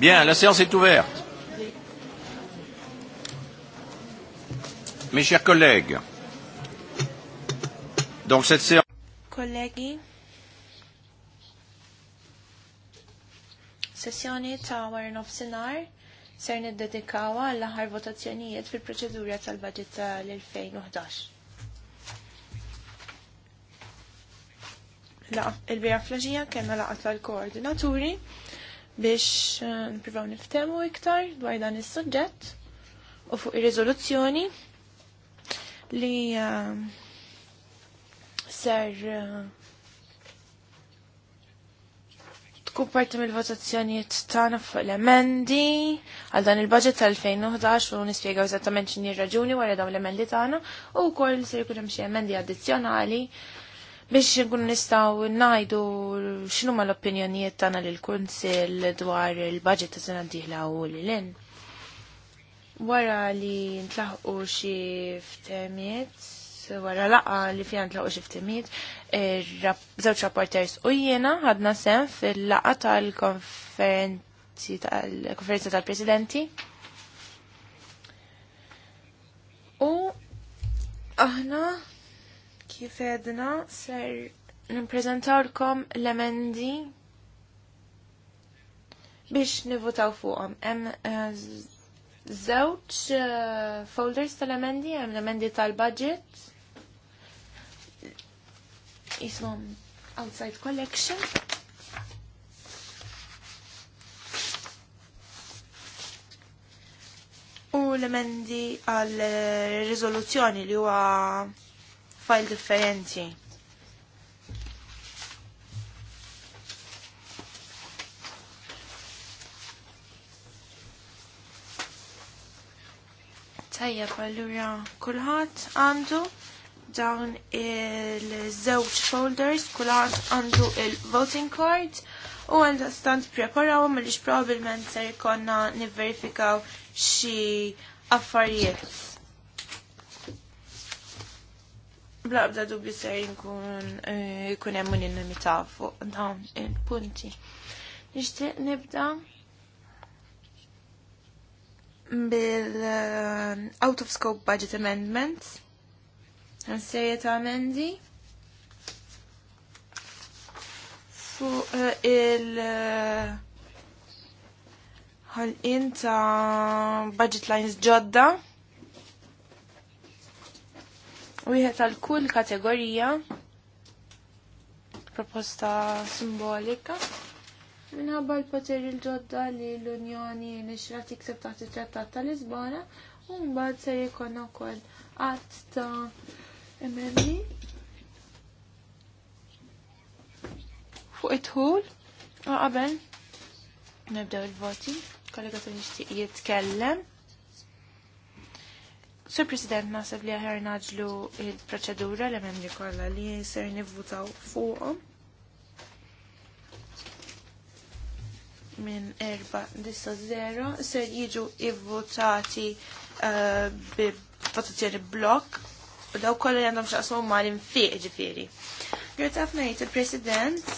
Bien, la séance est ouverte. Mes chers collègues, donc cette séance... Kollegi, sessjoni ta' war nofsinar ser niddedikawa għall aħħar votazzjonijiet fil-proċedura tal-budget tal-2011. La, il-bira flagija kena laqat l koordinaturi biex eh, nipprivaw niftemu iktar dwar dan is-suġġett u fuq ir-riżoluzzjoni li eh, ser uh, tkun parti mill-votazzjonijiet tagħna fuq l-emendi għal dan il-budget tal-2011 u nispjegaw eżattament x'inhi r-raġuni wara dawn l-emendi tagħna u wkoll se jkun hemm xi emendi addizzjonali biex nkun nistgħu ngħidu x'inhu l-opinjonijiet tagħna l kunsill dwar il-budget ta' sena d-dieħla u lilin. Wara li ntlaħqu xi wara laqa li fjan ntlaħu xiftemiet, ftemiet, żewġ rapporters u jena ħadna sem fil-laqa tal-konferenza tal-presidenti. U aħna kif edna ser nippreżentawlkom l-emendi biex nivutaw fuqhom. Hemm żewġ eh, eh, folders tal-emendi, hemm l-emendi tal-budget. Isom outside collection. U l-emendi għal eh, riżoluzzjoni li huwa File differenti. Tajja allura kulħadd għandu dawn il-żewġ folders, kulħadd għandu il-voting card u għal stand preparaw mill-ix probabilment ser ikonna nivverifikaw xi affarijiet bla bla dubju ser jinkun jkun eh, hemm unanimità fuq dawn il-punti. Nixtieq nibda bil-out eh, of scope budget amendments. Għansejja ta' amendi fuq eh, il- ħalqin ta' budget lines ġodda wieħed għal kull kategorija proposta simbolika minħabba l-poteri l-ġodda li l-Unjoni nixra tikseb taħt it-Trattat ta' Lisbona u mbagħad se jkollna wkoll qatt ta' emendi fuq it-ħul qabel nibdew il-voti kollega se nixtieq jitkellem. Sur President, nasab li għahar naġlu il-proċedura li memri kolla li ser nivvutaw fuqom. Minn erba' disa zero ser jiġu ivvutati eh, bi votazzjoni blok u daw kolla li għandhom xaqsmu ma fiq ġifiri. Għet għafnajt il-President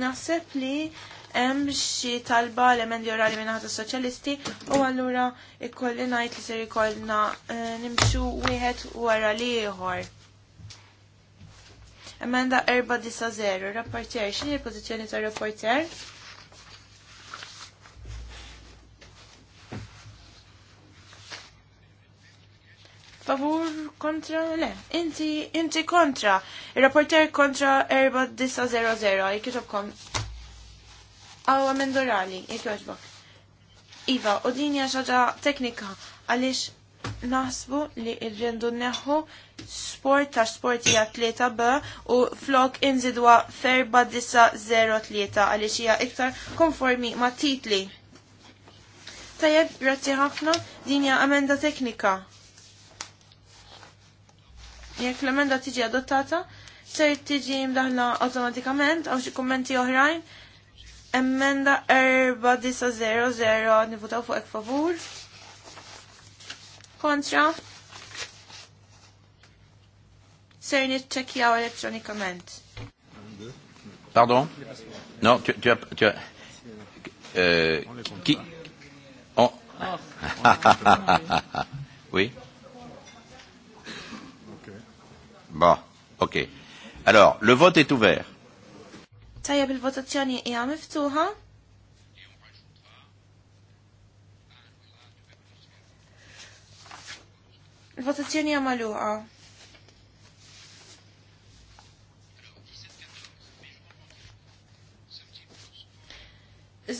naħseb li hemm xi talba l-emendi orali minn ħata soċjalisti u allura ikolli ngħid li ser ikollna eh, nimxu wieħed wara l-ieħor. Emenda 490, rapporter, xini l-pozizjoni ta' rapporter? Favur kontra? Le, inti, inti kontra. Il-rapporter kontra 490, jikitobkom għaw amendorali, jek joġbok. Iva, u din hija xaġa teknika għaliex naħsbu li rrendu neħu sport ta' sporti hija tlieta b u flok inżidwa ferba disa zero tlieta għaliex hija iktar konformi ma' titli. Tajjeb, grazzi ħafna, din hija amenda teknika. Jekk l-amenda tiġi adottata, ser tiġi mdaħla automatikament għaw xi kummenti oħrajn Emmenda 0-0 nivutaw fuq ek favur. Kontra. Ser nitċekjaw elektronikament. Pardon? No, tu, tu Tu euh, qui oh oui Bon, ok. Alors, le vote est ouvert. Tajja bil-votazzjoni hija miftuħa. Il-votazzjoni hija magħluqa.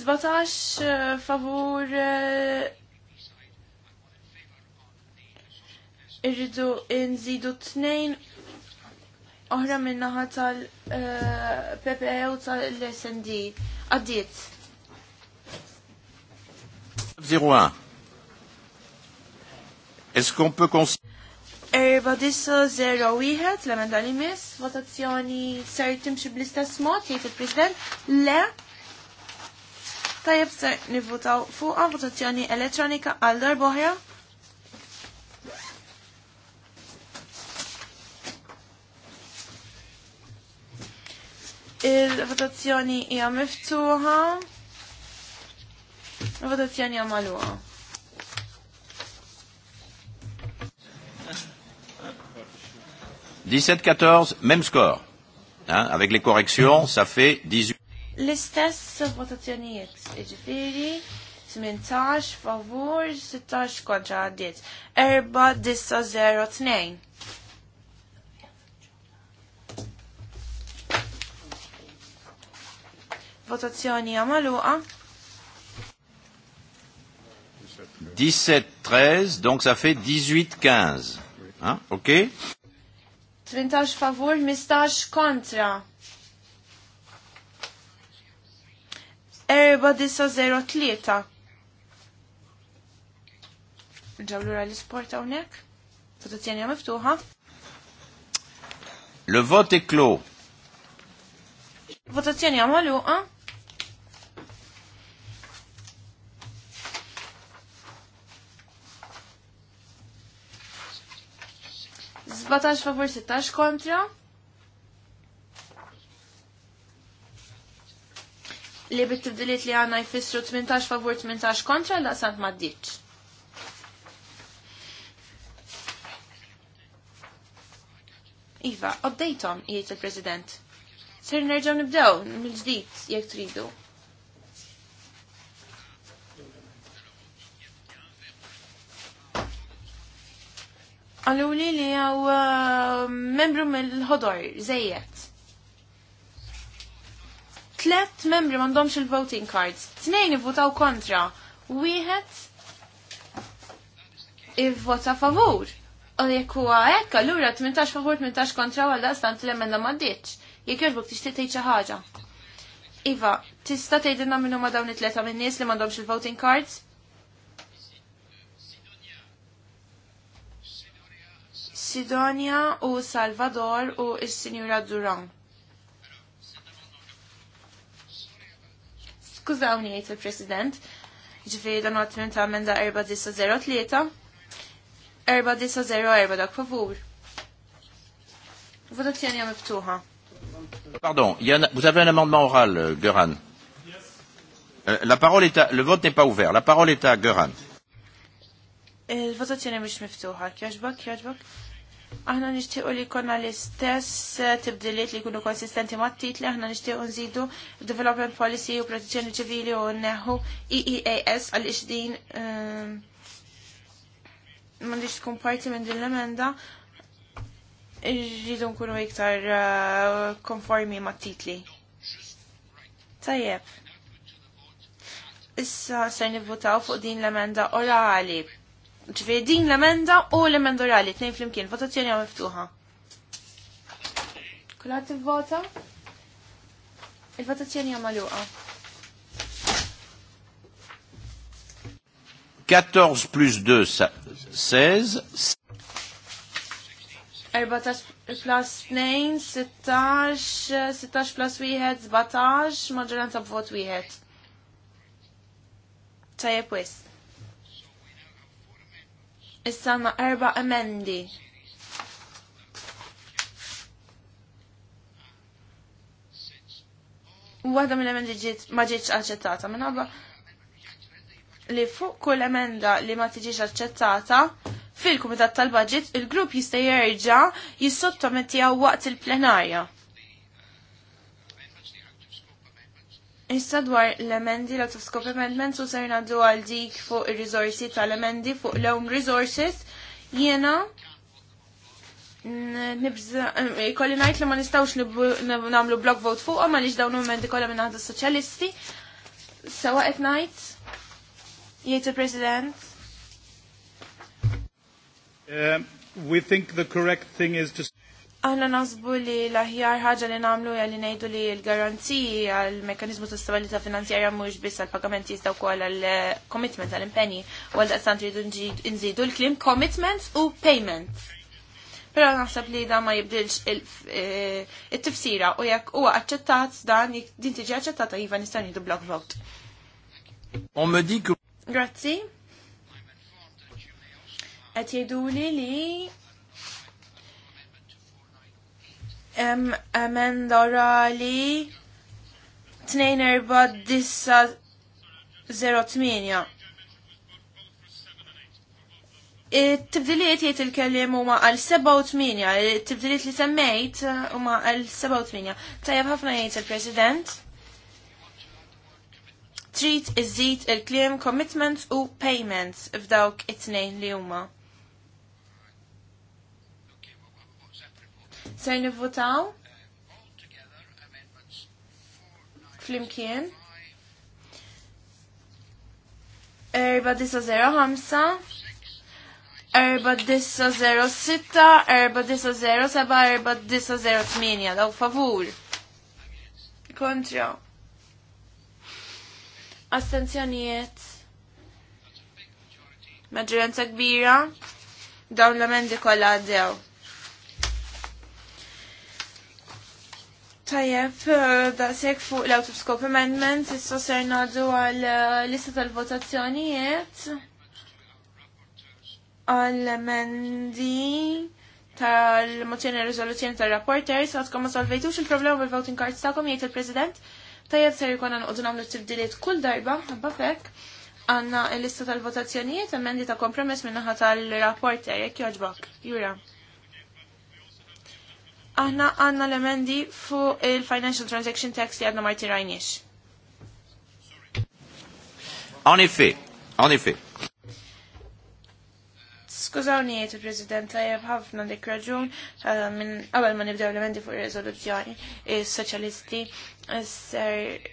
17 eh, favur eh, irridu nżidu tnejn oħra minnaħa tal-PPE eh, u tal-SND. Għaddiet. 01. Est-ce kons... peut disso Erba dissa 01, l-emenda li mis, votazzjoni ser timxu bl-istess mod, jgħid il-President, le, Tajab ser nivvotaw fuqa votazzjoni elettronika għal darboħja. Il-votazzjoni hija miftuħa. Il-votazzjoni hija magħluqa. Dix-sept quatorze, même score. Hein, avec les corrections, ça fait dix-huit. 18. L-istess votazzjonijiet, iġifiri, 18 favur, 16 kontra għaddiet. Erba' dissa 0 2. votazioni a għamaluqa. 17-13, donc ça fait 18-15. Hein? Ok? 13 favor, 15 kontra. Erba disa 0 tlieta. Ġawlura l-sport għonek? Votazzjoni miftuħa. Le vote est clos. Votazzjoni għamaluqa. 17 favor 16 kontra. Li bit tibdiliet li għanna jfissru 18 favur 18 kontra la sant maddiċ. Iva, update-om, jgħid il-President. Sir nerġaw nibdew, mill-ġdid, jek tridu. Għallu li għaw uh, membru mill-ħodor, zejjet. Tlet membri mandomx il-voting cards. Tnejn votaw kontra. Wieħed ivvota favur. U jekk huwa hekk, allura 18 favur 18 kontra għal stant l-emenda ma ddiċ. Jekk jogħġbok tixtieq tgħid xi ħaġa. Iva, tista' tgħidilna minnu ma dawn it-tleta min-nies li m'għandhomx il-voting cards? Sidonia u Salvador u il-Sinjura Duran. Skużawni jgħid il-President, ġifiri dan għatmin ta' amenda 4.03, 4.04 dak favur. Votazzjoni għam miftuħa. Pardon, Yann, vous avez un amendement oral, euh, Göran. Euh, la parole est à, le vote n'est pas ouvert. La parole est à Göran. Il-votazzjoni mhix miftuħa. Kjaġbak, kjaġbak. Aħna nixtiequ li jkollna l-istess eh, tibdiliet li jkunu konsistenti mat-titli, aħna nixtiequ nżidu Development Policy u Protezzjoni Ċivili u neħu EEAS għal ixdin ehm, m'għandix tkun parti minn din l-emenda irridu nkunu iktar eh, konformi mat-titli. Tajjeb. Issa se nivvutaw fuq din l-emenda orali ġviri din l-emenda u l-emenda orali, fl-imkien, votazzjoni għam miftuħa. Kulħat il-vota? Il-votazzjoni għam maluqa. 14 plus 2, 16. 14 plus 2, 16, 16 plus 1, 17, maġġoranza b'vot 1. Tajjeb wisq. Issa għandna erba emendi. għadha minn emendi ġiet ma ġietx aċċettata minħabba li fuq kull emenda li ma tiġix aċċettata fil-Kumitat tal-Budget il-grupp jista' jerġa' jissottomettija waqt il-plenarja. Issa dwar l-emendi l of scope amendments u serna du għal dik fuq il-resorsi tal-emendi fuq l-own resources jena nibza eh, kolli najt li ma nistawx namlu block vote fuq ma liġ dawnu emendi kolla minna għadda soċalisti. sawa et najt jiet il-president eh, We think the correct thing is to Aħna nasbu li l-aħjar ħaġa li namlu li nejdu li l-garanziji għal mekanizmu ta' stabilita finanzjarja mhux biss għal pagamenti jistgħu wkoll għal eh, commitment għal impenji u għal daqsan tridu nżidu l-klim commitments u payment. Però naħseb li da ma jibdilx il eh, tifsira u jekk huwa aċċettat dan din tiġi aċċettata iva nistgħu nieħdu block vote. Grazzi. Qed jgħiduli li emenda orali 24908. It-tibdiliet jiet il-kellim huma għal 7 it-tibdiliet li semmejt huma għal 7 Tajab ħafna jgħid il-President. Treat iżid il-kliem commitments u payments f'dawk it-tnejn li huma. Ser nivvotaw flimkien. Erba disa zero hamsa? erba disa zero sitta, erba disa zero seba, erba disa zero tminja, daw favur. Kontra. Astenzjonijiet. Maġġoranza kbira. Dawn l-amendi kollha għaddew. Tajjeb, da sekk fuq l-Autoscope Amendment, issa ser nadu għal eh, lista tal-votazzjonijiet għal emendi tal-mozzjoni risoluzzjoni tal-rapporters, għadkom ma solvejtux il-problema bil-voting cards ta'kom jgħid il-President. Tajjeb ser jkun għanqodu nagħmlu tibdiliet kull darba, għabba fekk, għandna l-lista tal-votazzjonijiet, emendi ta' kompromess minnaħat tal-rapporter, jekk jogħġbok. Jura. Aħna għanna l-emendi fu il-Financial Transaction Tax li għadna marti rajniex. En fi, en fi. Skużawni jiet il-President tajab ħafna dik raġun minn għabel ma nibdew l-emendi fu il ir il-Socialisti, s ser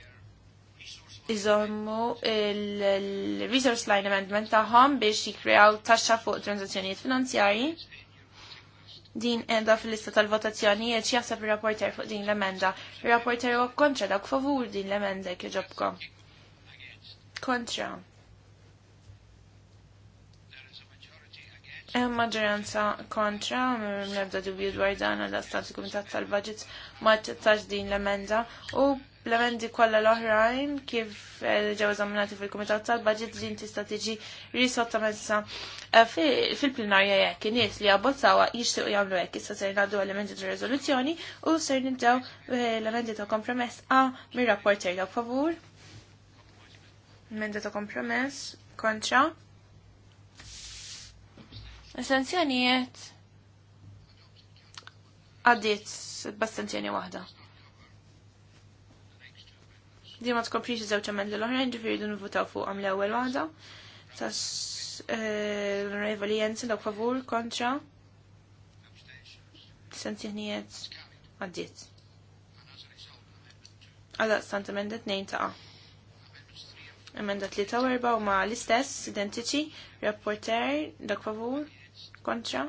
iżommu il-resource line amendment tagħhom biex jikkrew taxxa fuq transazzjonijiet finanzjarji din enda fil-lista tal-votazzjonijiet votazzjoni jaħseb il-rapporter fuq din l-emenda. Il-rapporter huwa kontra dak favur din l-emenda kieġobkom. Kontra. Hemm maġġoranza kontra, nebda dubju dwar dan għal stat kumitat tal-budget ma ċettax din l-emenda u l-emendi kollha l-oħrajn kif eh, ġew eżaminati fil-Kumitat tal-Budget din tista' tiġi mezza eh, fil-plenarja jekk in-nies li abbozzawa jixtiequ jagħmlu hekk issa se l emendi ta' riżoluzzjoni u se nibdew eh, l-emendi ta' kompromess A mir-rapporter jew favur. Emenda ta' kompromess kontra. Essenzjonijiet? għaddiet b'astanzjoni waħda. Di ma tkoprix iż-żewġ emendi l-oħrajn ġifieri dun votaw fuq għam l-ewwel waħda. Tas eh, l-Onorevoli Jensen favur kontra sanzjonijiet għaddiet. Għalla stant emendat nejn ta' Emendat li ta' erba u ma' l-istess, identiċi, rapporter, dak favur, kontra,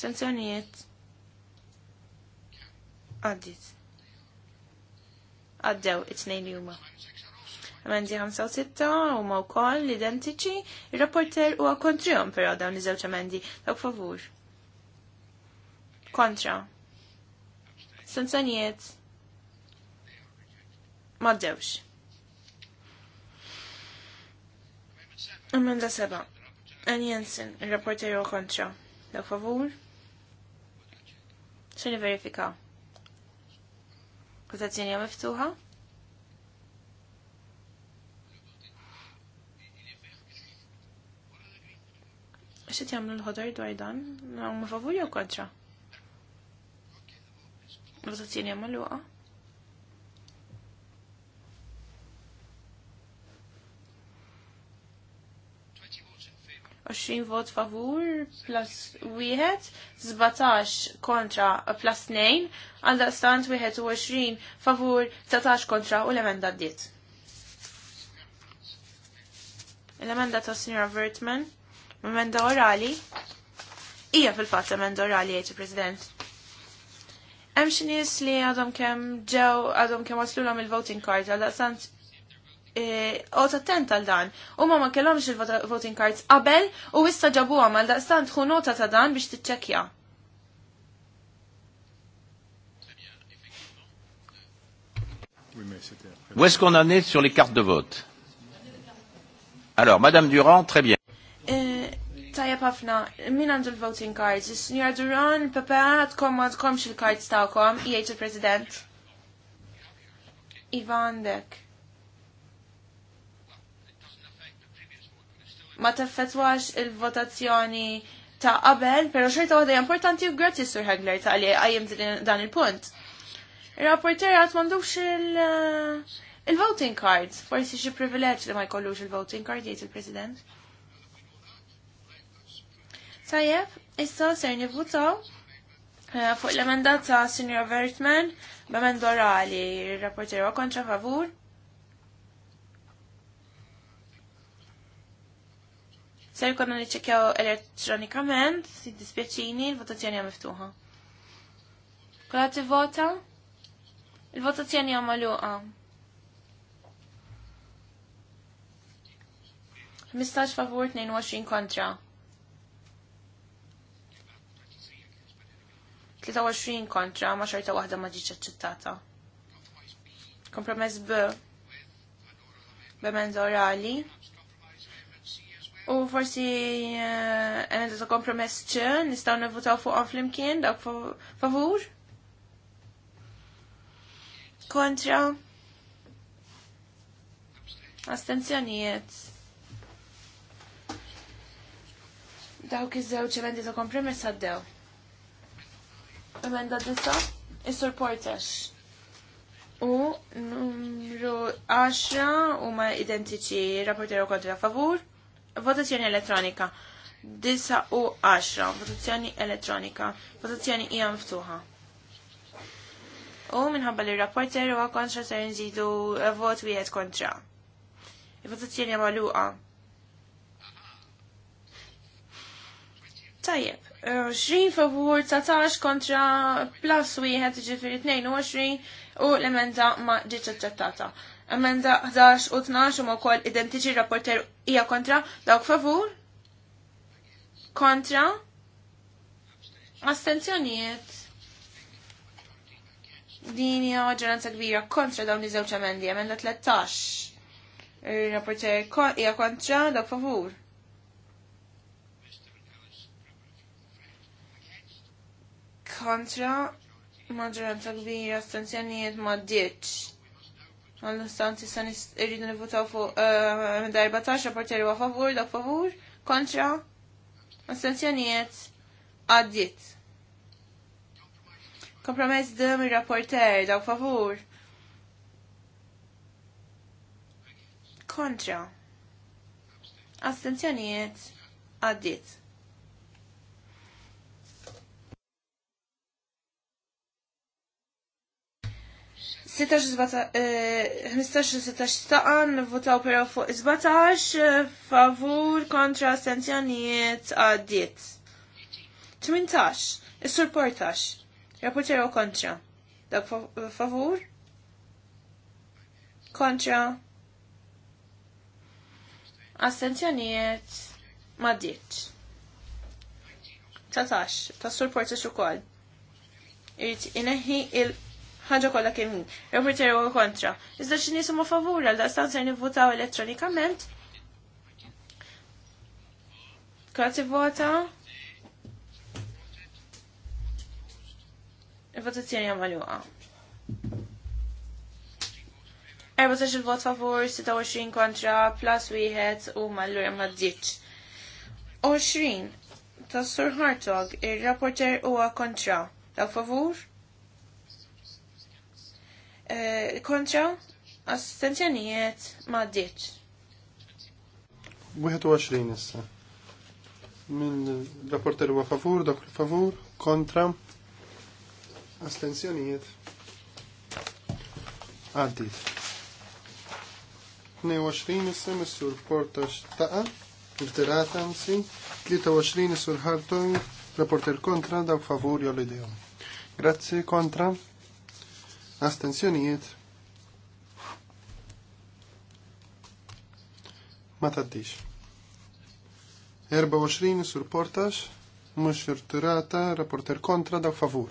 sanzjonijiet għaddiet għaddew it-tnejn juma. huma. 56 u maw kol l identiċi, il rapporter u għakontrijom per għadaw iż-żewġ Dawk favur. Kontra. Sanzanijiet. Maddewx. ddewx. 7. Ann Jensen, il-rapporter u għakontra, Dawk favur. Xini verifika? Votazzjoni miftuħa. Xet jamlu l-ħodor dwar dan? Ma favur jew kontra? Votazzjoni maluqa. 20 vot favur plus 1, 17 kontra plus 2, wieħed u 21 favur 13 kontra u l-emenda d-diet. L-emenda ta' Sr. Vertman, emenda orali, ija fil-fat emenda orali għajt president Hemm xi nies li għadhom kemm ġew għadhom kemm waslu l-om il-voting card għal daqstant E, għot attent għal dan. U ma ma kellhomx il-voting cards qabel u issa ġabu għam għal daqstan tħu nota ta' dan biex tiċċekja. Où est-ce qu'on en est sur les cartes de vote Alors, Madame Durand, très bien. E, Tajab ħafna, min għandu l-voting cards? Signora Duran, Pepe, tkom ma xil il-cards ta'kom, jgħid il-President. Ivan Dek. ma teffetwax il-votazzjoni ta' qabel, pero xorta għadha importanti u grazzi Sur Hagler ta' li għajem dan il-punt. Il-rapporter għat mandux il-voting card, forsi xie privileġ li ma jkollux il-voting card jgħid il-President. Tajjeb, issa ser nivvutaw eh, fuq l-emenda ta' Senior Vertman b'emendorali, orali, il-rapporter kontra favur. Ser konna niċċekjaw elettronikament, si dispjaċini, il-votazzjoni għam miftuħa. Kulħat vota Il-votazzjoni għam maluqa. 15 favur, 22 kontra. 23 kontra, ma xorta wahda ma ġiċ ċittata. Kompromess B. Bemenza orali U forsi eh, għan ta' kompromess ċe, nistaw nivutaw fuq għan flimkien, dak favur? Kontra? Astenzjonijiet. Dawk iż-żewġ emendi ta' kompromess għaddew. Emenda disa, is-sur surportax U numru 10 huma identiċi rapporteru kontra favur Votazzjoni elettronika. Disa u 10. Votazzjoni elettronika. Votazzjoni hija mftuħa. U minħabba li rapporter u kontra ser nżidu eh, vot wieħed kontra. Il-votazzjoni magħluqa. Tajjeb, Xrin favur, 19 kontra plus wieħed ġifiri 22 u l-emenda ma ġiet ċattata. Emenda 11 u 12 huma wkoll identiċi rapporter hija kontra dawk favur. Kontra. Astenzjonijiet. Din hija maġġoranza kbira kontra dawn iż-żewġ emendi. Emenda 13. rapporter hija kontra dawk favur. Kontra maġġoranza kbira astenzjonijiet ma' ditx. Għal-nustanti san irridu nivotaw fuq eh, darba taċa partjeri wa favur, da favur, kontra, astenzjonijiet, għaddit. Kompromess dim il-rapporter, da favur. Kontra. Astenzjonijiet, għaddit. 15-16 taqan votaw pero fuq 17 favur kontra sanzjonijiet għaddiet. 18 is-sur portax rapportero eh, kontra dak favur kontra astenzjonijiet ma ddiet. 19 tas-sur portax ukoll. Irid il- ħanġa kollha kemm min. Reporter u kontra. Iżda xi nies huma favur għal daqstan ser nivvotaw elettronikament. Kati vota. Il-votazzjoni hija Erba 14 il-vot favur, 26 kontra, plus wieħed u mallur ma ddiċ. 20 tas Sur Hartog, ir rapporter huwa kontra. Daw favur? Eh, kontra assenzjonijiet ma 21 issa. Min rapporter huwa favur, dak favur, kontra astenzjonijiet. Għaddit. 22 issa missur portax taqa, irtirata 23 issur ħartoj, rapporter kontra, dak favur Grazzi kontra astenzjonijiet ma taddix. 24 sur portax, mux irturata, rapporter kontra da favur.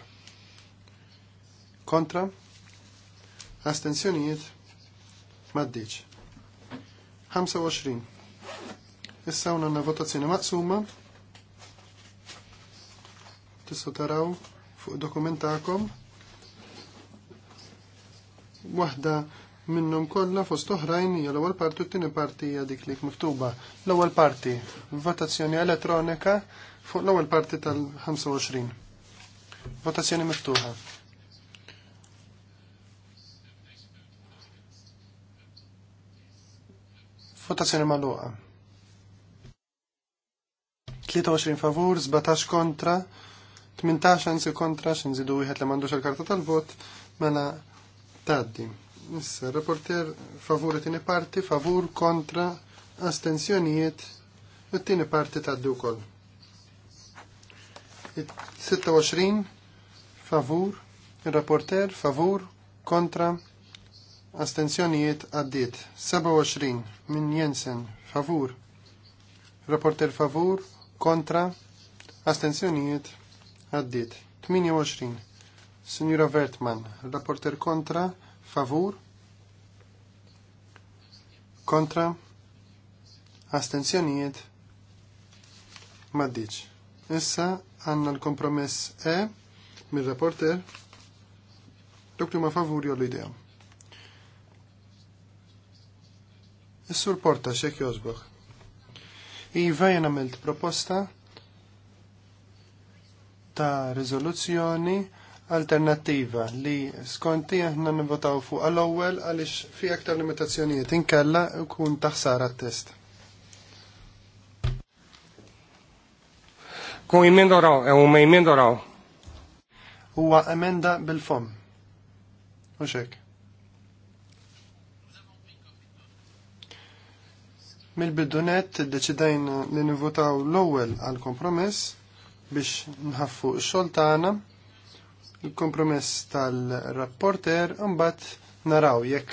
Kontra, astenzjonijiet ma taddix. 25. Issa unna votazzjoni maqsuma. Tissu taraw fuq dokumentakom waħda minnhom kollha fost oħrajn hija l-ewwel parti u t-tieni parti hija dik li miktuba. L-ewwel parti votazzjoni elettronika fuq l-ewwel parti tal-25. Votazzjoni miftuħa. Votazzjoni magħluqa. 23 favur, 17 kontra, 18 anzi kontra, xin zidu wieħed li m'għandux il-karta tal-vot, mela Taddi. Issa, reporter favur tini parti, favur kontra astensjonijiet u tini parti ta' dukol. 26 favur, reporter favur kontra astensjonijiet għaddit. 27 Min Jensen favur, reporter favur kontra astensjonijiet għaddit. 28 Signora Vertman, rapporter kontra, favur, kontra, astenzjonijiet, maddiċ. Issa għanna l-kompromess E mir rapporter Doktu ma favur jollu idea. Issur porta xek jozbok. Iva jena proposta ta' rizoluzzjoni alternattiva li skonti aħna nivotaw fuq għall-ewwel għaliex fi aktar limitazzjonijiet inkella kun taħsara t-test. Kun jmien doraw, ew ma Huwa emenda bil-fom. Uxek. mil Mill-bidunet deċidajn li nivotaw l-ewwel għal-kompromess biex nħaffu x-xogħol tagħna il-kompromess tal-rapporter, mbagħad naraw jekk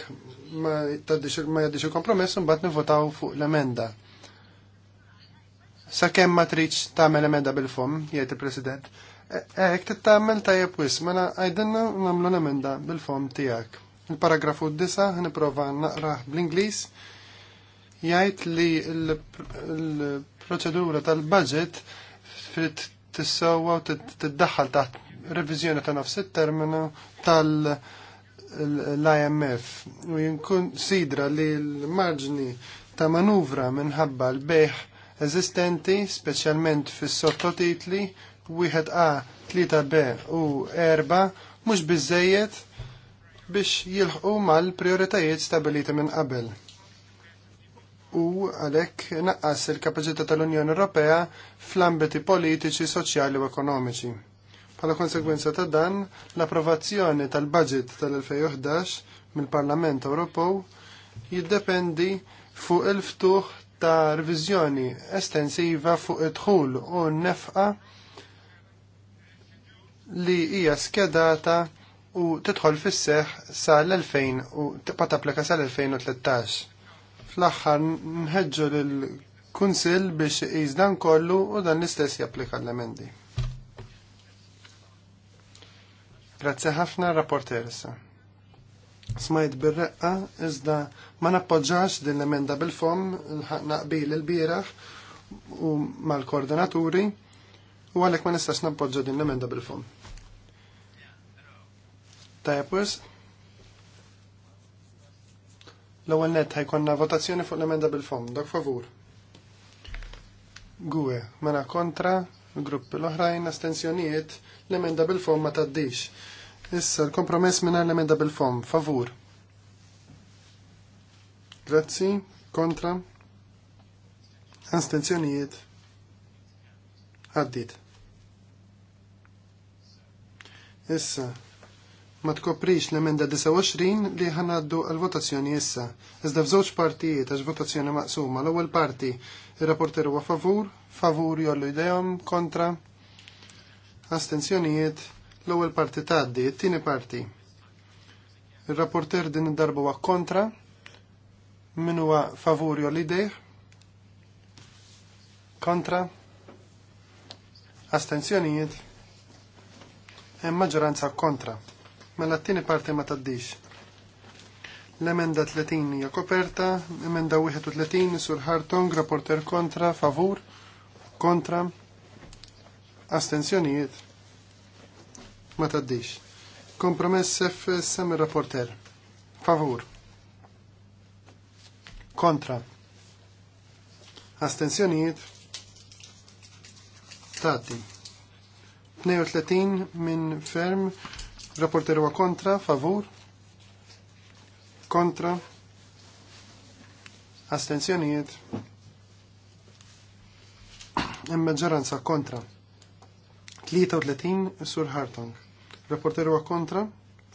ma jaddix il-kompromess mbagħad nivotaw fuq l-emenda. Sakemm ma tridx tagħmel emenda bil-fom, jgħid il-President, Ek, e, tittamel tajab wis, mela għajdenna namlu l-emenda bil-fom tijak. Il-paragrafu disa' niprofa naqraħ bl-Inglis jgħid li l-proċedura tal-budget frit tissawa u tiddaħħal taħt revizjoni ta' nofs terminu tal-IMF u sidra li l-marġni ta' manuvra minħabba l-beħ eżistenti, speċjalment fis-sottotitli, wieħed A, 3B u 4, mhux bizzejiet biex jilħqu mal-prioritajiet stabiliti minn qabel. U għalhekk naqqas il-kapaċità tal-Unjoni Ewropea fl-ambiti politiċi, soċjali u ekonomiċi. Pala konsegwenza ta' dan, l-approvazzjoni tal-budget tal-2011 mill-Parlament Ewropew jiddependi fuq il-ftuħ ta' revizjoni estensiva fuq id-dħul u n-nefqa li hija skedata u tidħol fis-seħ sal-2000 u tibqa' tapplika sal-2013. Fl-aħħar nħeġġu lill kunsill biex iż dan kollu u dan l-istess japplika l-emendi. Grazzi ħafna rapporteressa. Smajt bir-reqqa iżda ma nappoġġax din l-emenda bil-fom naqbil il-bieraħ u mal-koordinaturi u għalek ma nistax nappoġġa din l-emenda bil-fom. Tajapus? L-ewwel net ħajkonna votazzjoni fuq l-emenda bil-fom, dak favur. Gwe, mena kontra, Grupp l-oħrajn astensjonijiet l-emenda bil-fom ma taddix. Issa l-kompromess minna l-emenda bil-fom, favur. Grazzi, kontra, astensjonijiet, għaddit. Issa, ma tkopriċ l-emenda 29 li ħanaddu għal-votazzjoni issa. Iżda f'żewġ partijiet għax votazzjoni maqsuma. L-ewwel parti ir-rapporter huwa favur, favur jollu idejhom, kontra, astenzjonijiet, l-ewwel parti tgħaddi, it-tieni parti. Ir-rapporter din id-darba huwa kontra, min huwa favur jollu idejh, kontra, astenzjonijiet, hemm maġġoranza kontra. Mela t-tieni parti ma taddix. L-emenda 30 hija koperta, emenda 31 sur Hartong, rapporter kontra, favur, kontra, astenzjonijiet. Ma taddix. Kompromess FSM rapporter. Favur. Kontra. Astenzjonijiet. Tati. 32 minn ferm Rapporter wa kontra, favur? Kontra? Astenzjonijiet? maġġoranza kontra. 33 Sur Hartong. Rapporter wa kontra,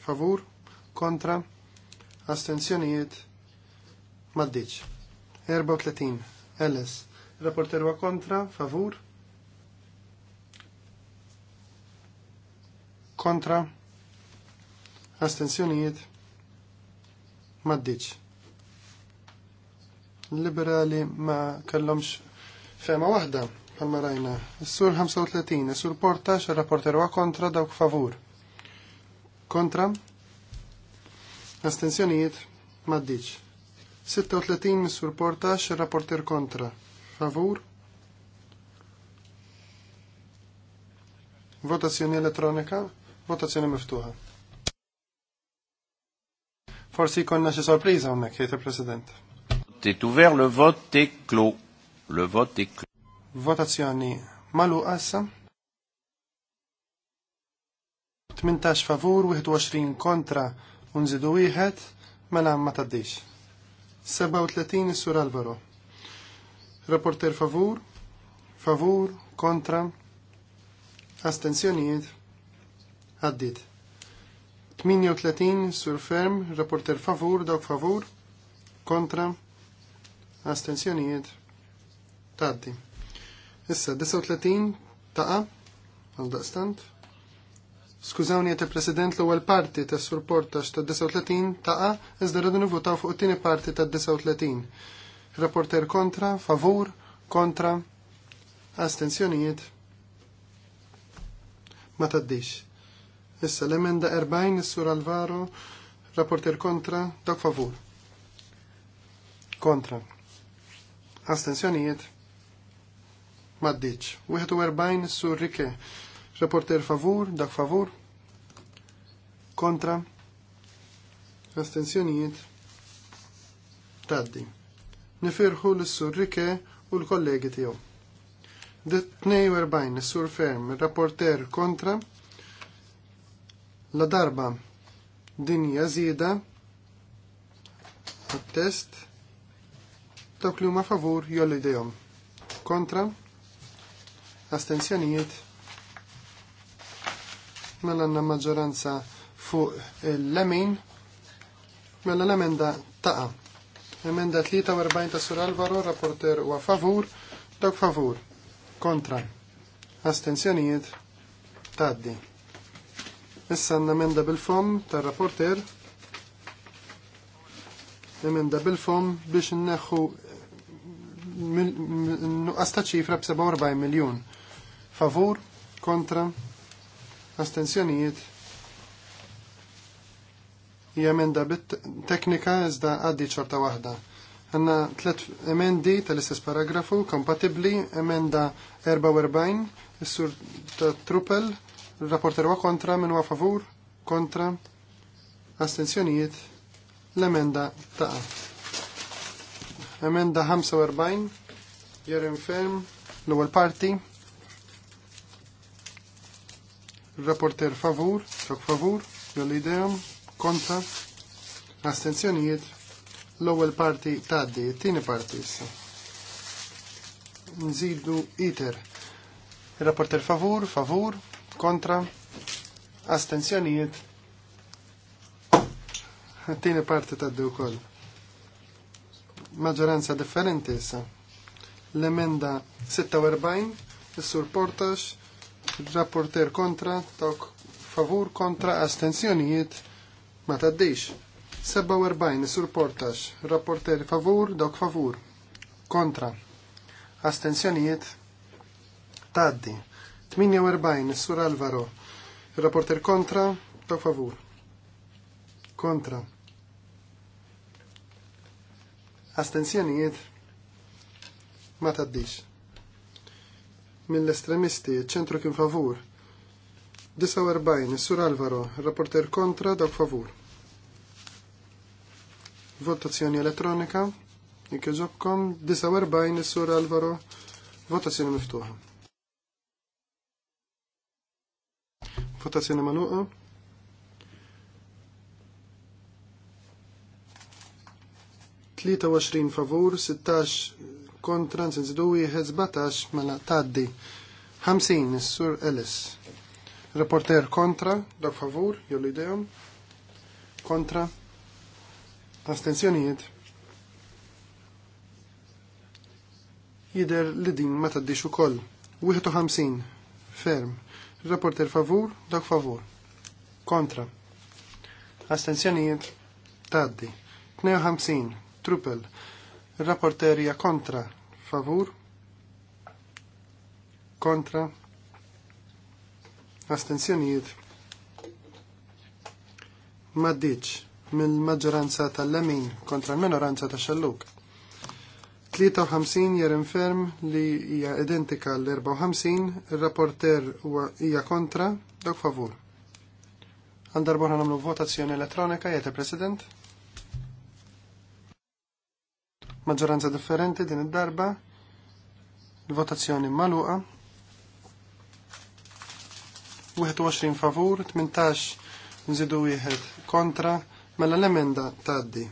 favur? Kontra? Astenzjoniet? Maddiċ. 34 Ellis. Rapporter wa kontra, favur? Kontra? Astenzjonijiet? Maddiċ. Liberali ma kellomx fema wahda palma rajna. Sur 35, sur portax, rapporter wa kontra dawk favur. Kontra? Astenzjonijiet? Maddiċ. 36 mis porta, xa rapporter kontra. Favur? Votazzjoni elettronika, votazzjoni miftuħa. Forsi konna xi sorpriża hawnhekk, jgħid president Tit uver le vot est clos. Le vot est clos. Votazzjoni malu issa. 18 favur, 21 kontra, unżidu wieħed, mela ma taddix. 37 sur Alvaro. Rapporter favur, favur, kontra, astenzjonijiet, għaddit. 38 sur ferm, rapporter favur, dawk favur, kontra, astensjonijiet, taddi. Issa, 39 taqa, għal daqstant. Skużawni għet il-President l-ewwel parti ta' surportax ta' 39 taqa, iżda rridu nivutaw fuq it-tieni parti ta' 39. Rapporter kontra, favur, kontra, astensjonijiet, ma taddix. Issa l-emenda 40 is-sur Alvaro, rapporter kontra, dak favur. Kontra. Astenzjonijiet. Maddiċ. 41 is-sur Rike, rapporter favur, dak favur. Kontra. Astenzjonijiet. Taddi. Nifirħu l-sur Rike u l-kollegi tiegħu. 42 is-sur Ferm, rapporter kontra, La darba din żieda għat-test dawk li huma favur jollu idejhom Kontra astenzjonijiet mela għandna maġġoranza fuq l-lemin mela l-emenda taqa. Emenda 43 ta' Sur Alvaro, rapporter wa favur, dawk favur, kontra, astenzjonijiet, taddi. Issa n-emenda bil-fom tal-rapporter. Emenda bil-fom biex n-neħu n-nuqasta ċifra b-47 miljon. Favur, kontra, astensjonijiet. Hija emenda teknika iżda għaddi ċorta waħda. Għanna tlet emendi tal-istess paragrafu, kompatibli, emenda 44, is-sur ta' Truppel, Il-rapporter wa kontra minn huwa favur, kontra, astenzjonijiet, l-emenda ta' Emenda 45, jerim ferm, l-ewwel parti. Il-rapporter favur, sok favur, jolli idejhom, kontra, astenzjonijiet, l-ewwel parti tgħaddi, it-tieni parti issa. Nżidu iter. Il-rapporter favur, favur, kontra, astenzjonijiet, għattini parti ta' d kol. Maġoranza differenti jessa. L-emenda 46, il-sur portax, rapporter kontra, tok favur kontra astenzjonijiet ma d-dix. 47 sur portax, rapporter favur, dok favur, kontra, astenzjonijiet, taddi. 48, Sur Alvaro. Il-rapporter kontra, ta' favur. Kontra. Astenzjonijiet ma taddix. Mill-estremisti, ċentru kien favur. 49, Sur Alvaro, rapporter kontra, dak favur. Votazzjoni elettronika, ikkieġobkom, 49, Sur Alvaro, votazzjoni miftuħa. Votazzjoni magħluqa. Tlieta għoxrin favur, sittax kontra, nsidu wieħed 17 mela taddi. 50 sur Ellis. Reporter kontra, dak favur, jollu idejhom. Kontra. Astenzjonijiet. Jider li din ma taddix ukoll. 51 ferm Rapporter favur, dak favur. Kontra. Astenzjonijiet taddi. 52, trupel. Rapporterja kontra, favur. Kontra. Astenzjonijiet. Maddiċ mill-maġġoranza tal-lemin kontra l-minoranza ta' xalluk. 53 jer inferm li hija identika l-54, il-rapporter hija kontra, dok favur. Għandar Għandarborna namlu votazzjoni elettronika, jete president. Maġġoranza differenti din id-darba, il-votazzjoni maluqa. 21 favur, 18 nżidu wieħed kontra, mela l-emenda taddi.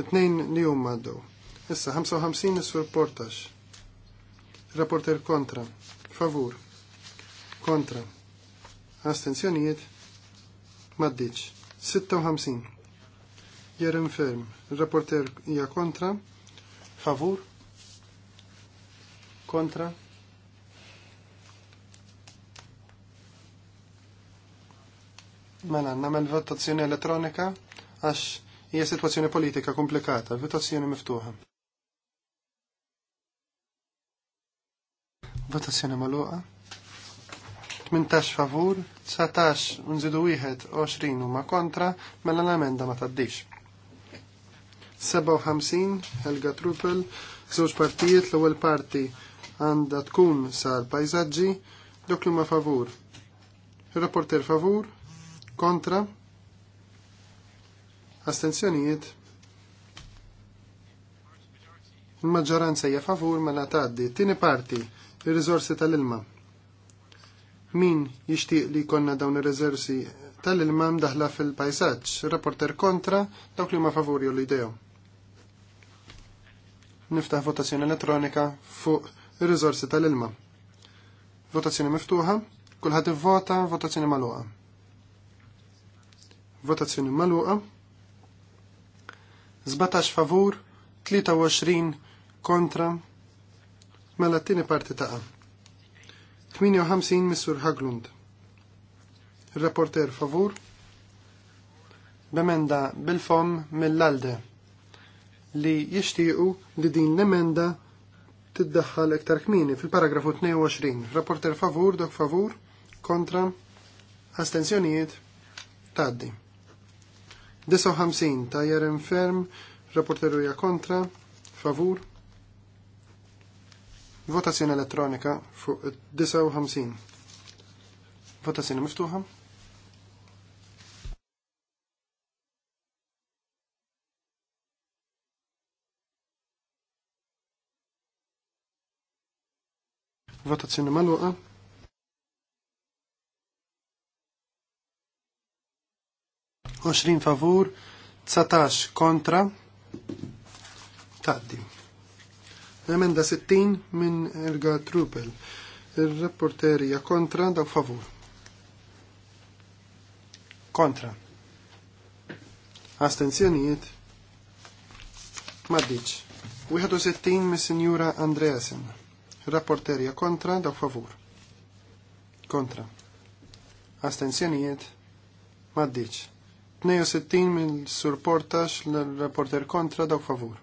It-tnejn li huma għaddew. Issa 55 is-sur Portax. Rapporter kontra. Favur. Kontra. Astenzjonijiet. Maddiċ. 56. Jerem ferm. Rapporter hija kontra. Favur. Kontra. Mela, namel votazzjoni elettronika għax hija situazzjoni politika komplikata, votazzjoni miftuħa. Votazzjoni maluqa. 18 favur, 19 unzidu wieħed 20 huma kontra, mela l amenda ma taddix. 57 Helga Truppel, żewġ partijiet l-ewwel parti għandha tkun sar pajzaġġi, dok li huma favur. Il-rapporter favur, kontra, astenzjonijiet. Il-maġġoranza hija favur mela tgħaddi. Tieni parti ir rizorsi tal-ilma. Min jixtieq li jkollna dawn ir rizorsi tal-ilma mdaħla fil-pajsaġġ, rapporter kontra dawk li huma favori u li idejhom. Niftaħ votazzjoni elettronika fuq ir rizorsi tal-ilma. Votazzjoni miftuħa, kulħadd ivvota, votazzjoni maluqa. Votazzjoni magħluqa. 17 favur, 23 kontra Mela t-tieni parti taqa. 58 Missur Haglund. Reporter rapporter favur. Bemenda bil-fom mill-alde li jixtiequ li din l-emenda tiddaħħal iktar kmini fil-paragrafu 22. Rapporter favur, dok favur, kontra, astensjonijiet, taddi. 59 ta' jerem ferm, reporteruja kontra, favur, Votazzjoni elettronika fuq 59. Votazzjoni miftuħa. Votazzjoni magħluqa. Oxrin favur, 19 kontra, taddi. Emenda 60 minn Elga Trupel. Il-rapporterija kontra daw favur. Kontra. Astenzjoniet. Maddiċ. 61 minn Signora Andreasen. Rapporterija kontra daw favur. Kontra. Astenzjoniet. Maddiċ. 62 minn Surportax. Portax l-rapporter kontra daw favur.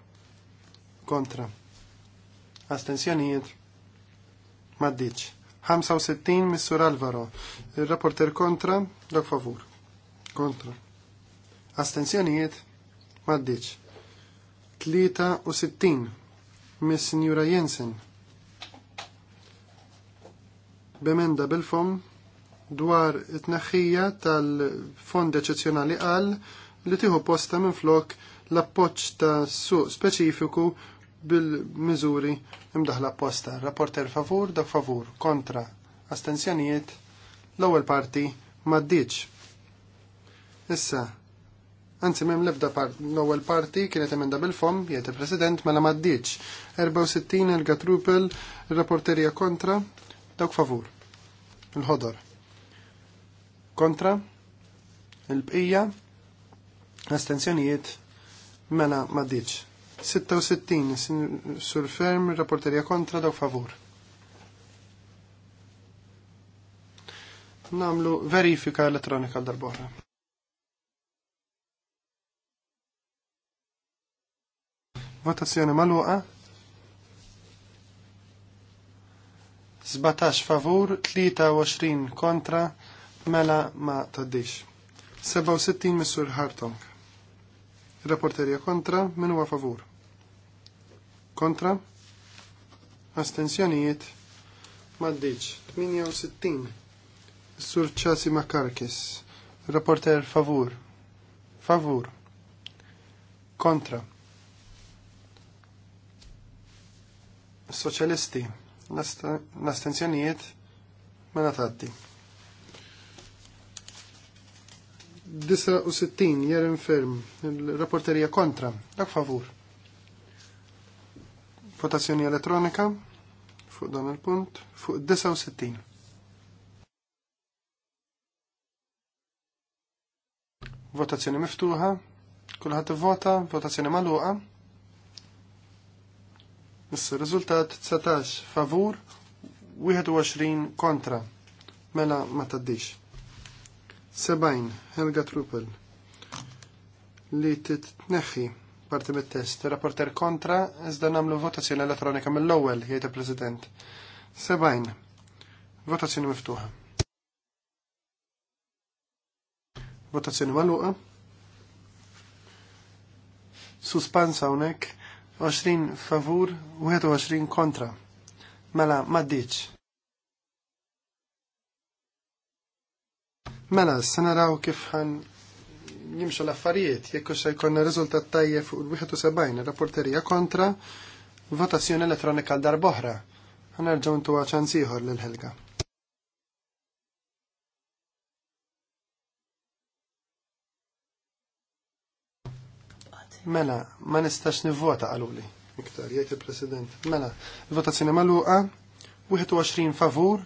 Kontra astensjonijiet maddiċ. 65 Missur Alvaro, il-rapporter kontra, dak favur. Kontra. Astensjonijiet maddiċ. 63 Miss Njura Jensen. Bemenda bil-fom dwar it-naħħija tal-fond eccezjonali għal li tiħu posta minn flok l-appoċ ta' suq speċifiku bil-miżuri imdaħla apposta. Rapporter favur, dak favur, kontra, astenzjonijiet, l-ewwel parti maddiċ. Issa, Anzi, mem lebda part, l-ewwel parti kienet emenda bil-fom, jiet il-President mela maddiċ. 64 il-Gatrupel, il-rapporterija kontra, dak favur. Il-ħodor. Kontra, il-bqija, astenzjonijiet, mela maddiċ. 66 sur ferm rapporterja kontra daw favur. Namlu verifika elettronika darbora. Votazzjoni maluqa. 17 favur, 23 kontra, mela ma taddix. 67 missur Hartong. Rapporterja kontra, minn huwa favur kontra, Astenzjonijiet? maddiċ, 68, sur ċasi makarkis, reporter favur, favur, kontra, soċjalisti, l-astenzjonijiet ma nataddi. 69 Jeren firm. il-rapporterija kontra, dak favur. Votazzjoni elettronika fuq dan il-punt fuq 69. Votazzjoni miftuħa, kulħadd ivvota, votazzjoni magħluqa. Issa riżultat 19 favur, 21 kontra. Mela ma taddix. Sebajn, Helga Truppel. Li titneħħi parti mit test Rapporter kontra, iżda namlu votazzjoni elettronika mill-ewwel, jgħid il-President. Sebajn. Votazzjoni miftuħa. Votazzjoni magħluqa. Suspansa hawnhekk 20 favur, 21 kontra. Mela, maddiċ. Mela, s-sanaraw kif ħan nimxu l-affarijiet jekk se jkollna riżultat tajjeb fuq il-71 rapporterija kontra votazzjoni elettronika l darboħra. nerġgħu ntuha ċans ieħor lil ħelga. Mela, ma nistax nivvota qaluli. Iktar, jgħid il-President. Mela, l votazzjoni magħluqa 21 favur,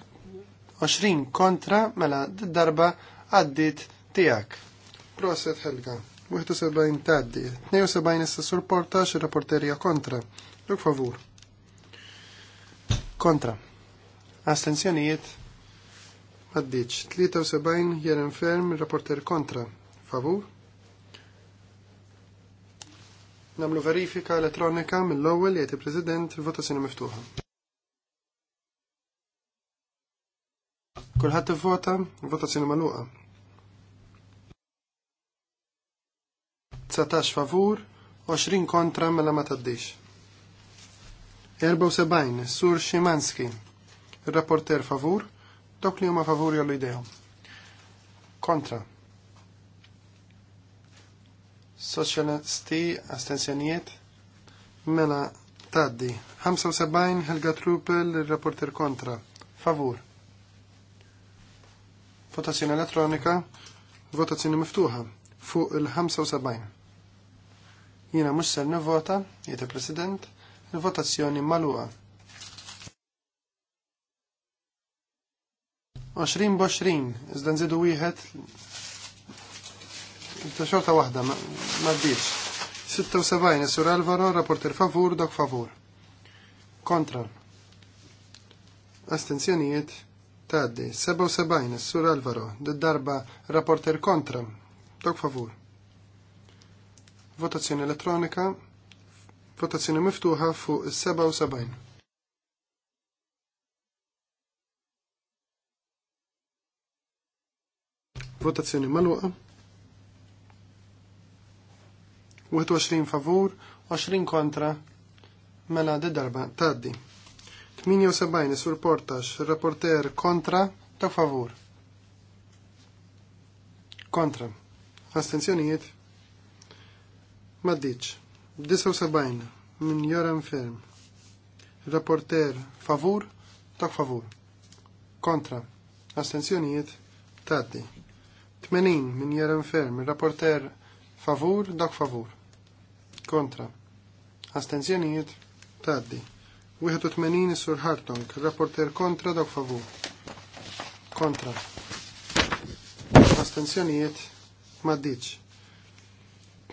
20 kontra, mela d-darba għaddit tiegħek. Proset Helga. 71 taddi. 72 issa supporta xi rapporterija kontra. luk favur. Kontra. Astenzjonijiet. Maddiċ. 73 jeren ferm rapporter kontra. Favur. Namlu verifika elettronika mill-ewwel jgħid prezident, president il-votazzjoni miftuħa. Kulħadd ivvota, votazzjoni magħluqa. 19 favur, 20 kontra mela ma taddix. 74 Sur Szymanski, il-rapporter favur, dok li huma favur jollu idejhom. Kontra. Socialisti astensjonijiet mela taddi. 75 Helga Truppel, il-rapporter kontra. Favur. Votazzjoni elettronika, votazzjoni miftuħa fuq il-75. Jiena mhux ser nivvota, jieta president il-votazzjoni maluqa. 20 20, iżda nżidu wieħed ta' xorta waħda ma' bieċ. 76, Sur Alvaro, rapporter favur, dok favur. Kontra. Astenzjonijiet, taddi. 77, Sur Alvaro, d-darba rapporter kontra, dok favur votazzjoni elettronika, votazzjoni miftuħa fuq 77. Votazzjoni maluqa. 21 favur, 20 kontra, mela di darba taddi. 78 sur portax, rapporter kontra, ta' favur. Kontra. Astenzjonijiet Maddiċ. 79 minn Joran Ferm. Rapporter favur, tak favur. Kontra. Astenzjonijiet, taddi. 80 minn Joran Ferm. Rapporter favur, dak favur. Kontra. Astenzjonijiet, taddi. 81 sur Hartong. Rapporter kontra, dak favur. Kontra. Astenzjonijiet, maddiċ.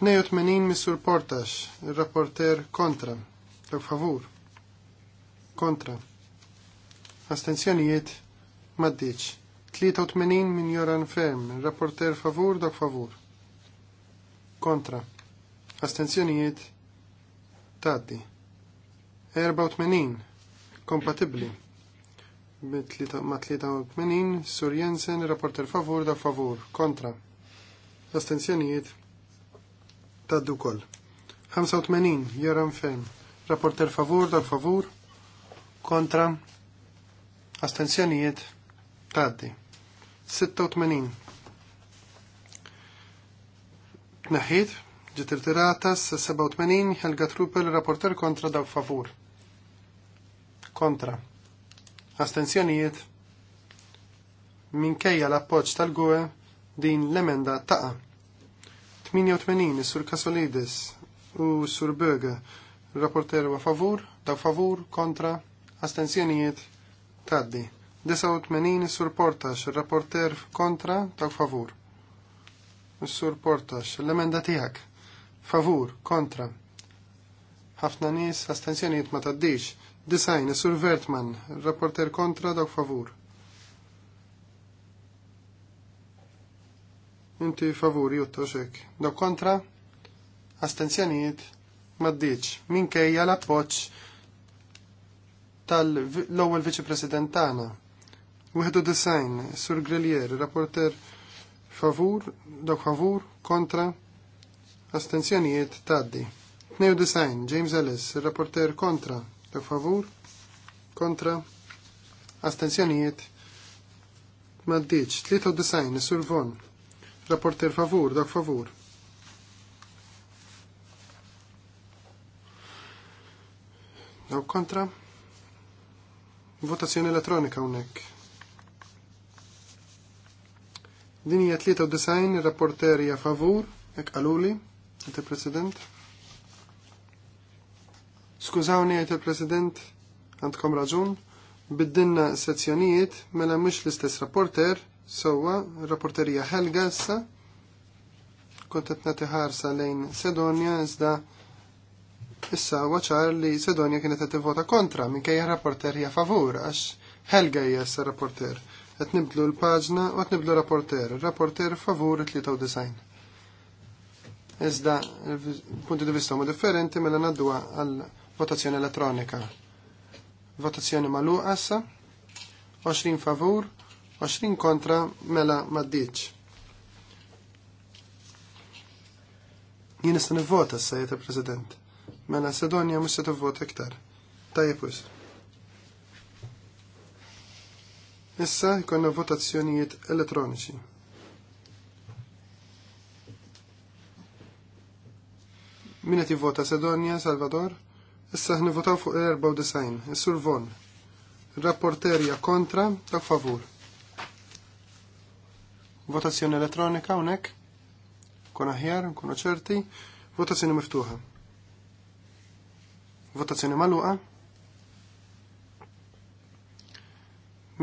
82 Missur Portax, il-rapporter kontra. per favur. Kontra. Astenzjonijiet maddiċ. 83 min Joran Ferm, il-rapporter favur, dok favur. Kontra. Astenzjonijiet taddi. 84 kompatibli. Ma 83 Sur Jensen, il-rapporter favur, dok favur. Kontra. Astenzjonijiet taddu kol. 85, Joran Fem. Rapporter favur, dal favur, kontra, astenzjonijiet, taddi. 86. Tnaħid, ġiet irtirata, 87, Helga Truppel, rapporter kontra, dal favur. Kontra. Astenzjonijiet, minkejja l-appoċ tal-gwe din l-emenda taqa' 88 sur Casolides u sur Böge. Rapporter wa favur, da favur, kontra, astensjonijiet, taddi. 89 sur Portas, rapporter kontra, da favur. Sur Portax, l-emenda tijak. Favur, kontra. Ħafna nis, astensjonijiet ma taddix. Design, sur Vertman, rapporter kontra, da favur. inti favuri juttu xek. Da kontra, astenzjonijiet, maddiċ, minkejja l-appoċ tal-ewwel viċi-president tagħna. design, Sur Grillier, rapporter favur, dawk favur, kontra, astenzjoniet, taddi. Tnew design, James Ellis, rapporter kontra, dawk favur, kontra, astenzjoniet, maddiċ. Tlieta design, Sur Von, Rapporter favur, dak favur. Daw kontra? Votazzjoni elettronika unnek. Din hija u ir-rapporter hija favur, ek qaluli, jatel president Skużawni jatel president għandkom raġun, biddinna sezzjonijiet mela mux l-istess rapporter sowa, rapporterija Helga issa, kontet nati ħarsa lejn Sedonja iżda issa waċar li Sedonja kienet qed tivvota kontra minkejja rapporterija favur għax Helga hija issa rapporter. Qed nibdlu l-paġna u qed nibdlu rapporter, rapporter favur design. Iżda punti di vista differenti mela naddua għal votazzjoni elettronika. Votazzjoni magħluqa issa 20 favur 20 kontra mela maddiċ. Jien nista' nivvota s-sajja President. Mela Sedonja mhux se tivvota iktar. Tajjeb wis. Issa jkollna votazzjonijiet elettroniċi. Min qed jivvota Sedonja, Salvador? Issa ħnivotaw fuq il-94, is-Sur Von. Rapporterja kontra, ta' favur. Votazzjoni elettronika unek. Kun aħjar, kun ċerti. Votazzjoni miftuħa. Votazzjoni maluqa.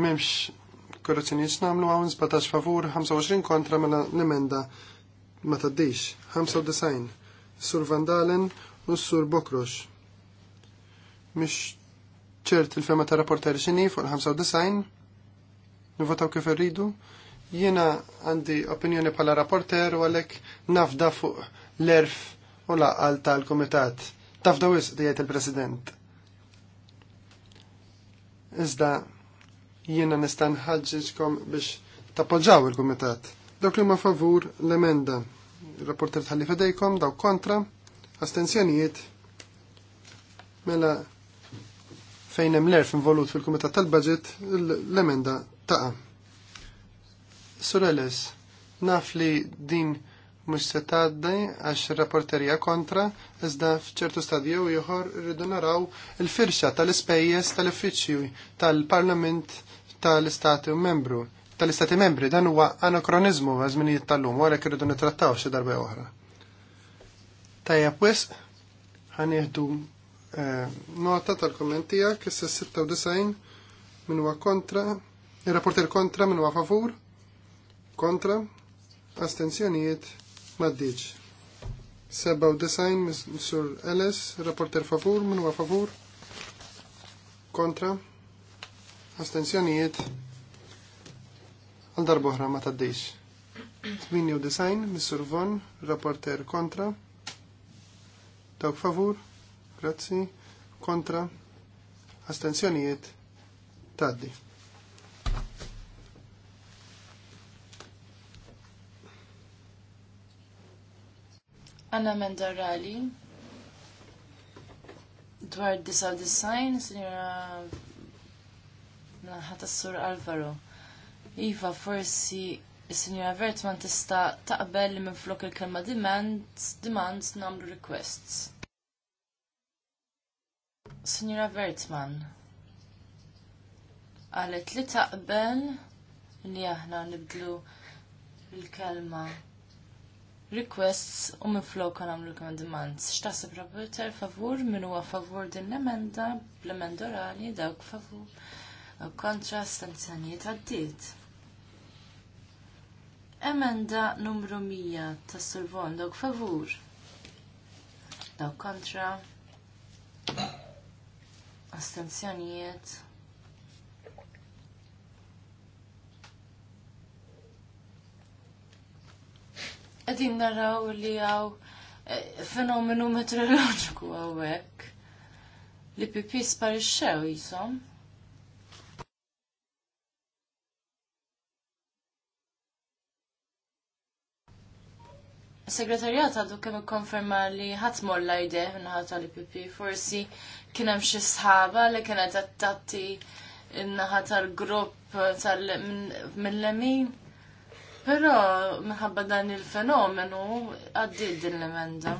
Memx korrezzjoni jisnamlu għawn 17 favur, 25 kontra mela l-emenda ma taddix. 95. Sur Vandalen u Sur Bokrox. Mish ċert il-fema ta' rapporteri xini fuq il-95. Nivotaw kif irridu. Jiena għandi opinjoni bħala rapporter u għalhekk nafda fuq l-erf u laqal tal-Kumitat. Tafda wisq dijajt il-President. Iżda jiena nista' nħaġġiġkom biex tappoġġaw il-Kumitat. Dok li ma favur l-emenda. Il-rapporter tħalli fedejkom, daw kontra, astenzjonijiet, mela fejn hemm l-erf involut fil-Kumitat tal-Budget l-emenda ta' Sureles, naf li din mux se taddi għax rapporterija kontra, iżda fċertu stadju jħor rridu naraw il-firxa tal-ispejjes tal-uffiċju tal-parlament tal-istati membru. Tal-istati membri dan huwa anakronizmu għazminijiet tal-lum, għalek rridu nitrattaw xi darba oħra. Tajja wis, ħanieħdu eh, nota tal-kommentija kissa 96 minn huwa kontra, il-rapporter kontra minn huwa favur kontra, astenzjonijiet maddiċ. 97 Mr. Ellis, rapporter favur, minn huwa favur, kontra, astenzjonijiet għal darboħra ma taddix. 89, Mr. Von, rapporter kontra, taw favur, grazzi, kontra, astenzjonijiet taddi. Anna Mendarali rali dwar disa design, signora naħata sur Alvaro. Iva, forsi signora Vertman tista taqbel li minn flok il-kelma demands, demands namlu requests. Signora Vertman, għalet li taqbel li aħna nibdlu il-kelma requests u minn flok għan għamlu kman demands. Xtasib rapporter favur minn huwa favur din l-emenda, l-emenda orali dawk favur kontra stanzjoniet għaddit. Emenda numru 100 ta' Survon dawk favur. Dawk kontra astenzjonijiet Qegħdin naraw li għaw e, fenomenu meteoroloġiku hawnhekk li pipi sparixxew jisom. Segretarjat għadu kemm ikkonferma li ħadd molla jdeh minħat tal pipi forsi kien hemm xi sħaba li kienet attatti in-naħa tal-grupp tal-millemin. Però minħabba dan il-fenomenu għaddi din l-emenda.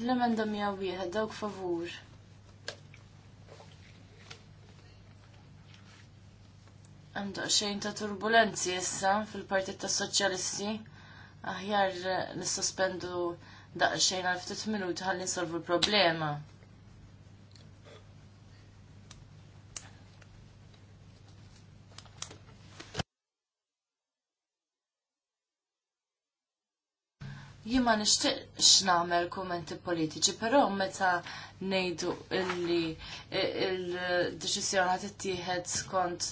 L-emenda mi wieħed dawk favur. Hemm xejn ta' turbulenzi issa fil-Partit tas-Soċjalisti. Aħjar nissospendu daqsxejn għal ftit minut ħalli nisolvu l-problema. jima nishtiqx namel kommenti politiċi, pero meta nejdu illi il-deċizjoni għat ittieħed skont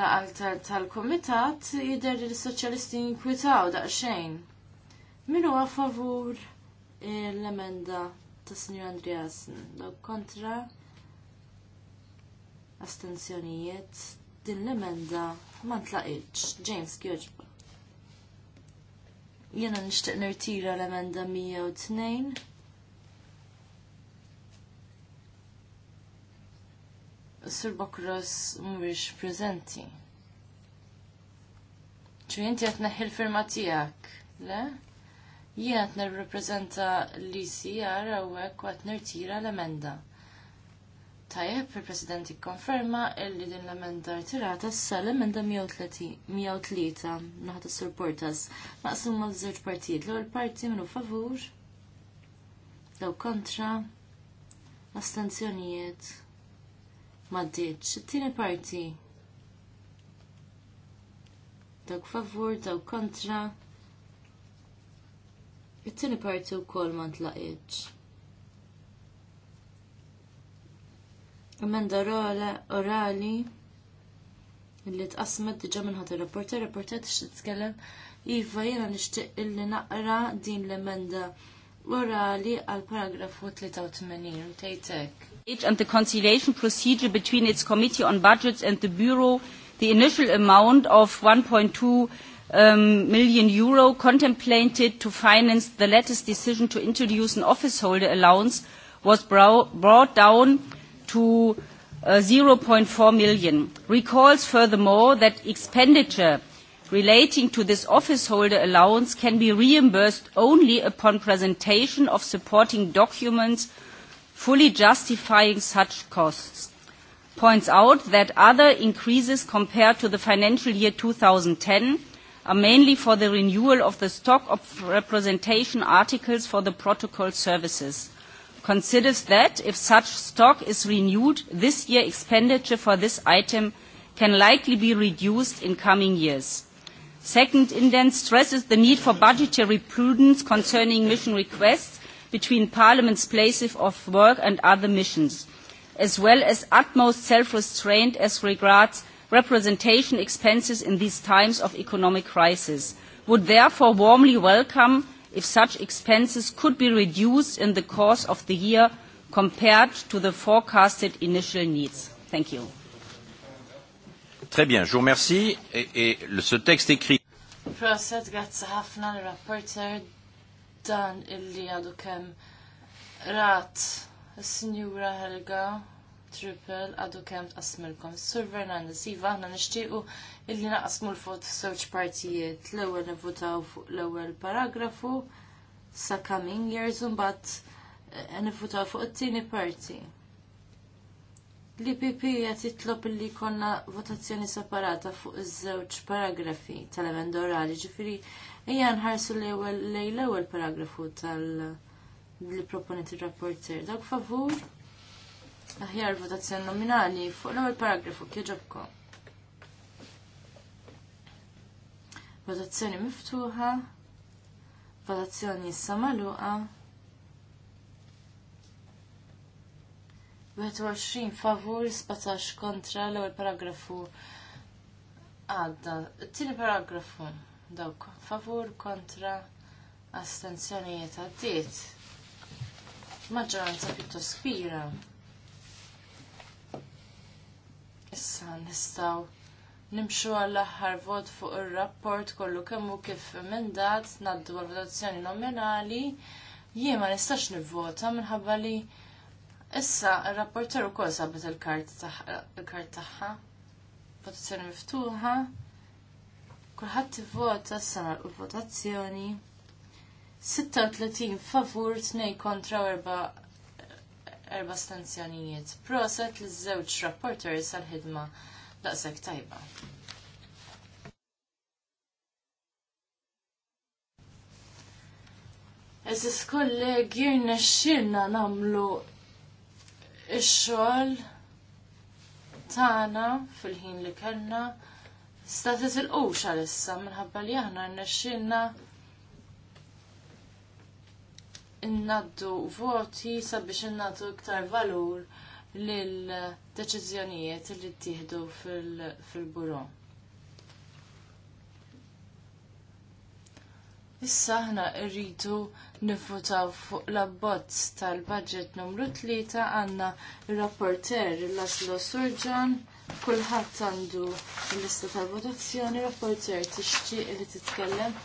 laqal tal-komitat jider li s-soċjalisti jinkwitaw daqxejn. Minu huwa favur l-emenda ta' sinju Andreasen, dok kontra astenzjonijiet din l-emenda ma ntlaqiċ. James Kjoġba. Jena nishtiq nirtira l-emenda 102. Sur Bokros mwix preżenti. Ċu jinti għat neħil l-firma tiegħek, le? Jien qed nirrepreżenta l-ICR hawnhekk għat nirtira l-emenda. Tajjeb, il-President ikkonferma illi din l-emenda tirata issa l-emenda 103 naħat is surportas Maqsum maqsuma zewġ partijiet. L-ewwel parti minnu favur, lew kontra, astenzjonijiet, m'għaddiġ. It-tieni parti dawk favur, dawk kontra. It-tieni parti wkoll ma t-laqieċ. Amenda orali illi tqasmet diġa minnħat il-rapporter, rapporter t tkellem, iva jena nishtiq illi naqra din l-emenda orali għal paragrafu 83 tejtek. Each and the conciliation procedure between its committee on budgets and the bureau the initial amount of 1.2 um, million euro contemplated to finance the latest decision to introduce an office holder allowance was brought down to uh, 0.4 million. Recalls furthermore that expenditure relating to this office holder allowance can be reimbursed only upon presentation of supporting documents fully justifying such costs. Points out that other increases compared to the financial year 2010 are mainly for the renewal of the stock of representation articles for the protocol services considers that if such stock is renewed, this year expenditure for this item can likely be reduced in coming years. Second indent stresses the need for budgetary prudence concerning mission requests between Parliament's places of work and other missions, as well as utmost self-restraint as regards representation expenses in these times of economic crisis. Would therefore warmly welcome if such expenses could be reduced in the course of the year compared to the forecasted initial needs. Thank you. Très bien, je vous remercie. Et, et le, ce texte écrit. Proset, grazie ħafna l-rapporter dan illi għadu kem rat, signora Helga triple għadu kemm tqasmilkom. Sur Fernandez, iva, aħna nixtiequ illi naqasmu l-fot f'żewġ partijiet. L-ewwel nifutaw fuq l-ewwel paragrafu sa coming years u mbagħad eh, fuq it-tieni parti. L-IPP qed jitlob illi konna votazzjoni separata fuq iż-żewġ paragrafi tal-emend orali, ġifieri hija nħarsu l-ewwel lejn l-ewwel paragrafu tal- li proponet ir rapporter Dak favur? Aħjar votazzjoni nominali fuq l-ewwel paragrafu kieġobkom. Votazzjoni miftuħa, votazzjoni issa magħluqa. 21 favur, 17 kontra l-ewwel paragrafu għadda. Tieni paragrafu dawk favur kontra astenzjonijiet għaddiet. Maġġoranza pjuttost kbira. Issa nistaw nimxu għall-aħħar vot fuq ir-rapport kollu hu kif emendat naddu għal-votazzjoni nominali. Jien ma nistax nivvota minħabba li issa ir-rapporter ukoll sabet il-kart tagħha. Votazzjoni miftuħa. Kulħadd ivvota issa l votazzjoni 36 favur, 2 kontra 4 erba stanzjonijiet. Proset li żewġ rapporters għal-ħidma daqshekk tajba. Eżis kollegi xirna namlu ix-xogħol tagħna fil-ħin li kellna statet il-qux għalissa minħabba li aħna xirna innaddu voti sabiex innaddu iktar valur lil deċiżjonijiet li ttieħdu fil-buro. Issa aħna rridu nifutaw fuq l-abbozz tal-budget numru 3 għandna il rapporter Laszlo Surġan kulħadd għandu l-lista tal-votazzjoni, rapporter t-ixċi li titkellem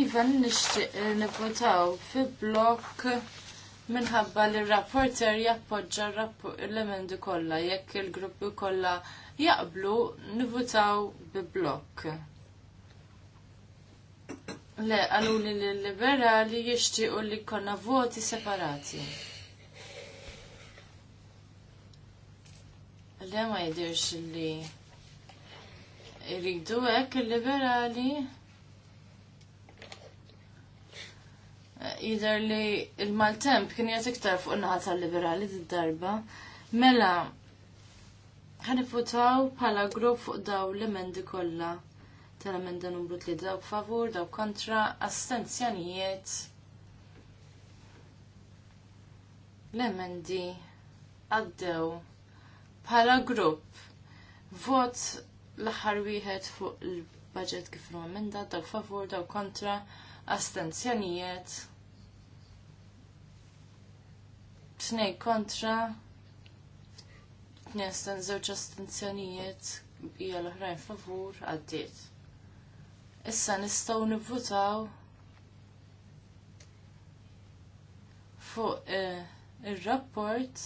Ivan nishtiq eh, nivotaw fi blok minħabba li rapporter jappoġġa l-emendi kollha jekk il-gruppi kollha jaqblu nivutaw bi blok. Le, għaluni li liberali jixtiequ li konna voti separati. Le ma jidirx li Iridu hekk il-liberali. jider li il-maltemp kien jgħat iktar fuq naħa tal-liberali d-darba. Mela, ħanifutaw bħala grupp fuq daw l-emendi kollha tal-emenda numru li daw favur, daw kontra, astenzjonijiet. L-emendi għaddew bħala grupp vot l-aħħar wieħed fuq il-budget kif l-emenda, daw favur, daw kontra, astenzjonijiet. tnej kontra, tnestan zewċ astenzjonijiet, bija l-oħrajn favur, għaddit. Issa nistaw nivvutaw fuq eh, il-rapport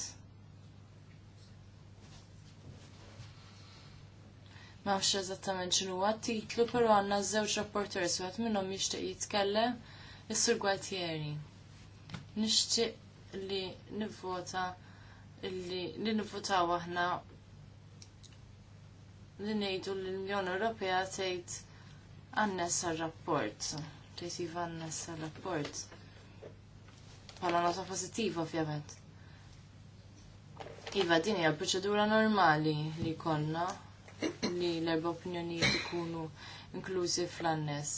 Ma nafx eżattament x'inhu għat-titlu, però għandna żewġ rapporters u għat minnhom jixtieq jitkellem is-Sur Gualtieri. Nixtieq li nivvota li nivvotaw aħna li ngħidu li l-Unjoni Ewropea tgħid għannessa rapport tgħid iva għannessa rapport bħala nota pożittiva ovvjament. Iva din hija proċedura normali li konna li l-erba' opinjonijiet ikunu inklużi fl-annes.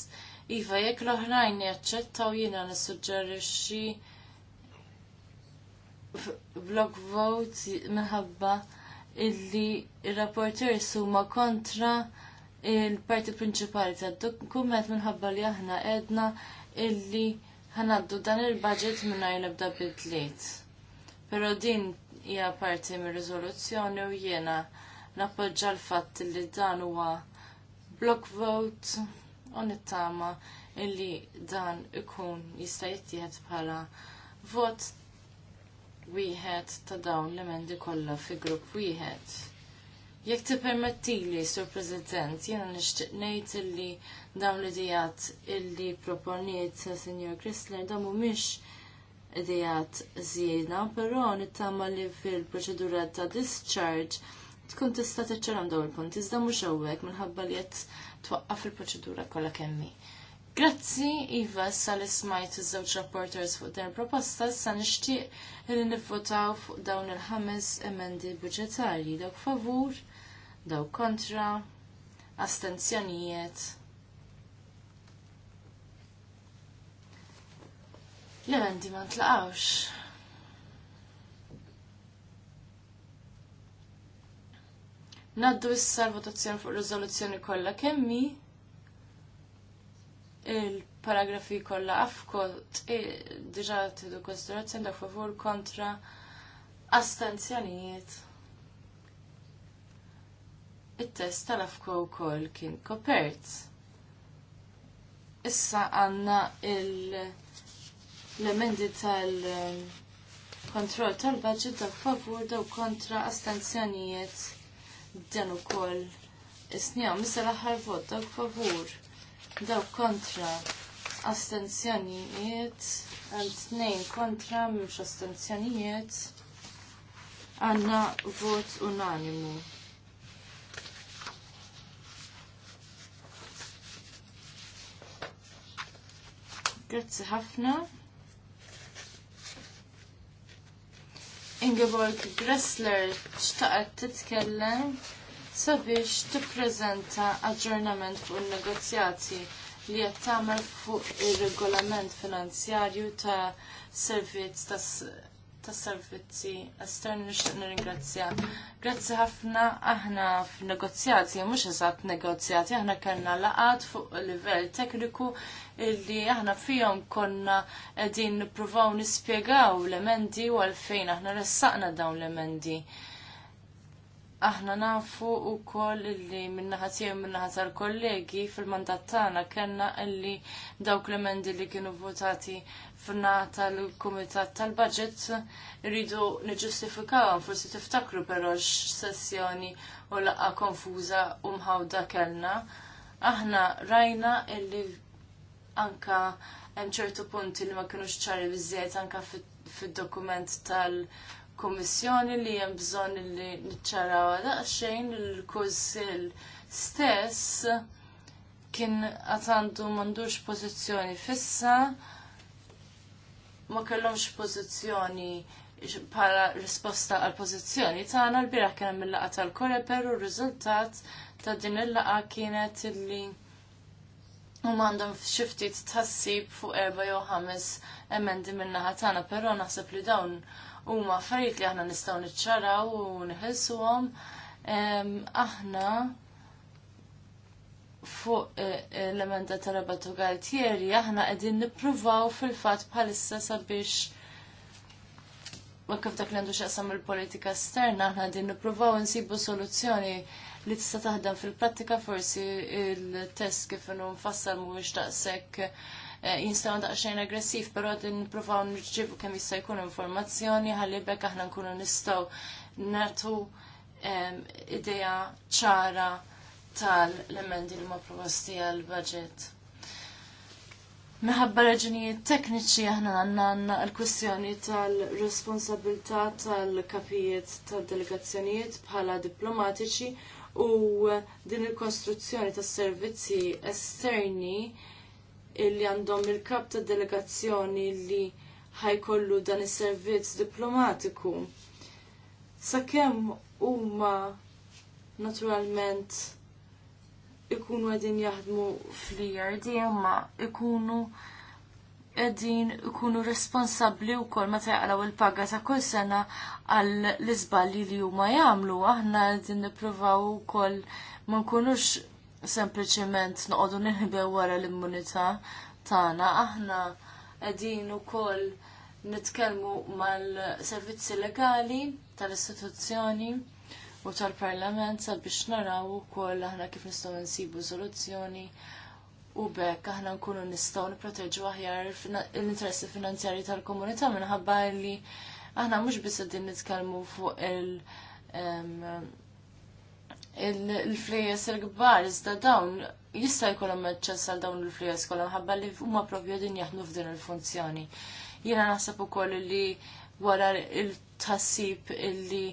Iva jekk l-oħrajn jaċċettaw jiena nissuġġerixxi block vote minħabba illi il-rapporters huma kontra il-parti prinċipali ta' dokument minħabba li aħna edna illi ħanaddu dan il-budget mingħajr nibda bidliet. Però din hija parti mir-riżoluzzjoni u jiena nappoġġa l-fatt li dan huwa block vote u nittama illi dan ikun jista' jittieħed bħala vot wieħed ta' dawn l-emendi kollha fi grupp wieħed. Jekk tippermettili, Sur President, jiena nixtieq ngħid illi dawn l-idejat illi proponiet Sinjor Chrysler dan mhumiex idejat żjiena, però nittama li fil-proċedura ta' discharge tkun tista' tiċċaram dawn il-punt, iżda mhux hawnhekk minħabba li qed twaqqaf il-proċedura kollha kemm hi. Grazzi, Iva, sal ismajt iż-żewġ rapporters fuq din proposta, sa nixtieq li nivvotaw fuq dawn il-ħames emendi budġetarji, dawk favur, dawk kontra, astenzjonijiet. L-emendi ma ntlaqawx. Naddu issa l-votazzjoni fuq riżoluzzjoni kollha kemmi il-paragrafi kollha afkot e, diġà tidu konsiderazzjoni dak favur kontra astenzjonijiet. It-test tal-afko wkoll kien kopert. Issa għandna l-emendi tal- kontroll tal-budget dak favur daw kontra astenzjonijiet dan ukoll. Isnijom, issa l-aħħar vot dak favur daw kontra astenzjonijiet, għal tnejn kontra mux astenzjonijiet, għandna vot unanimu. Grazzi ħafna. Ingeborg Gressler xtaqet titkellem sabiex tippreżenta aġġornament fuq il-negozjati li qed tagħmel fuq ir-regolament finanzjarju ta' servizz ta' servizzi esterni nixtieq nirringrazzja. Grazzi ħafna aħna f'negozjati, mhux eżatt negozjati, aħna kellna laqat fuq livell tekniku illi aħna fihom konna qegħdin nippruvaw nispjegaw l-emendi u għalfejn aħna ressaqna dawn l-emendi. Aħna nafu u koll illi minnaħat minnaħasar tal-kollegi fil-mandat tagħna kellna illi dawk l-emendi li kienu votati f'na tal-Kumitat tal-Budget rridu niġustifikaw forsi tiftakru però x'sessjoni u laqgħa konfuża u mħawda kellna. Aħna rajna illi anka hemm ċertu punti li ma kinux ċari biżżejjed anka fid-dokument tal- kummissjoni li hemm bżonn li niċċaraw daqsxejn il-kunsill stess kien qatt għandu m'għandux pożizzjoni fissa ma kellhomx pożizzjoni bħala risposta għal pożizzjoni tagħna l-bira kien hemm il-laqgħa tal-koreper u r-riżultat ta' din il-laqgħa kienet illi u għandhom xi ftit tħassib fuq erba' jew ħames emendi min-naħa tagħna, però naħseb li dawn huma affarijiet li aħna nistgħu niċċaraw u nħilsuhom. Aħna fuq e, e, l-emenda tal-rabatu galtieri aħna qegħdin nippruvaw fil-fatt bħalissa sabiex ma dak l għandu xaqsam il-politika esterna, aħna din nippruvaw nsibu soluzzjoni li tista' taħdem fil-prattika forsi il-test kif inhu mu mhuwiex daqshekk Eh, jinstaw xejn aggressiv, però din nippruvaw nirċivu kemm jista' jkun informazzjoni ħalli bekk aħna nkunu nistgħu nagħtu idea ċara tal-emendi li ma proposti għal budget. Meħabba raġunijiet tekniċi aħna għanna l-kwestjoni tal-responsabilità tal-kapijiet tal-delegazzjonijiet bħala diplomatiċi u din il-konstruzzjoni tas servizzi esterni illi għandhom il-kap ta' delegazzjoni li ħajkollu dan is-servizz diplomatiku. Sakemm huma naturalment ikunu għedin jaħdmu fl-IRD imma ikunu għedin ikunu responsabli u kol ma taqlaw il-paga ta' kull sena għal l-izballi li huma jagħmlu aħna għedin nippruvaw ukoll ma nkunux sempliciment noqogħdu nirħibew wara l-immunità tagħna. Aħna qegħdin ukoll nitkellmu mal-servizzi legali tal-istituzzjoni u tal-parlament sabiex naraw ukoll aħna kif nistgħu nsibu soluzzjoni u bekk aħna nkunu nistgħu nipproteġu aħjar l-interessi finanzjarji tal-komunità minħabba li aħna mhux biss qegħdin nitkellmu fuq il- il-flejes il-gbar, iżda dawn jista' jkollhom aċċess għal dawn il-flejes kollha ħabba li huma propju din jaħdmu f'din il-funzjoni. Jiena naħseb ukoll li wara il-tassib illi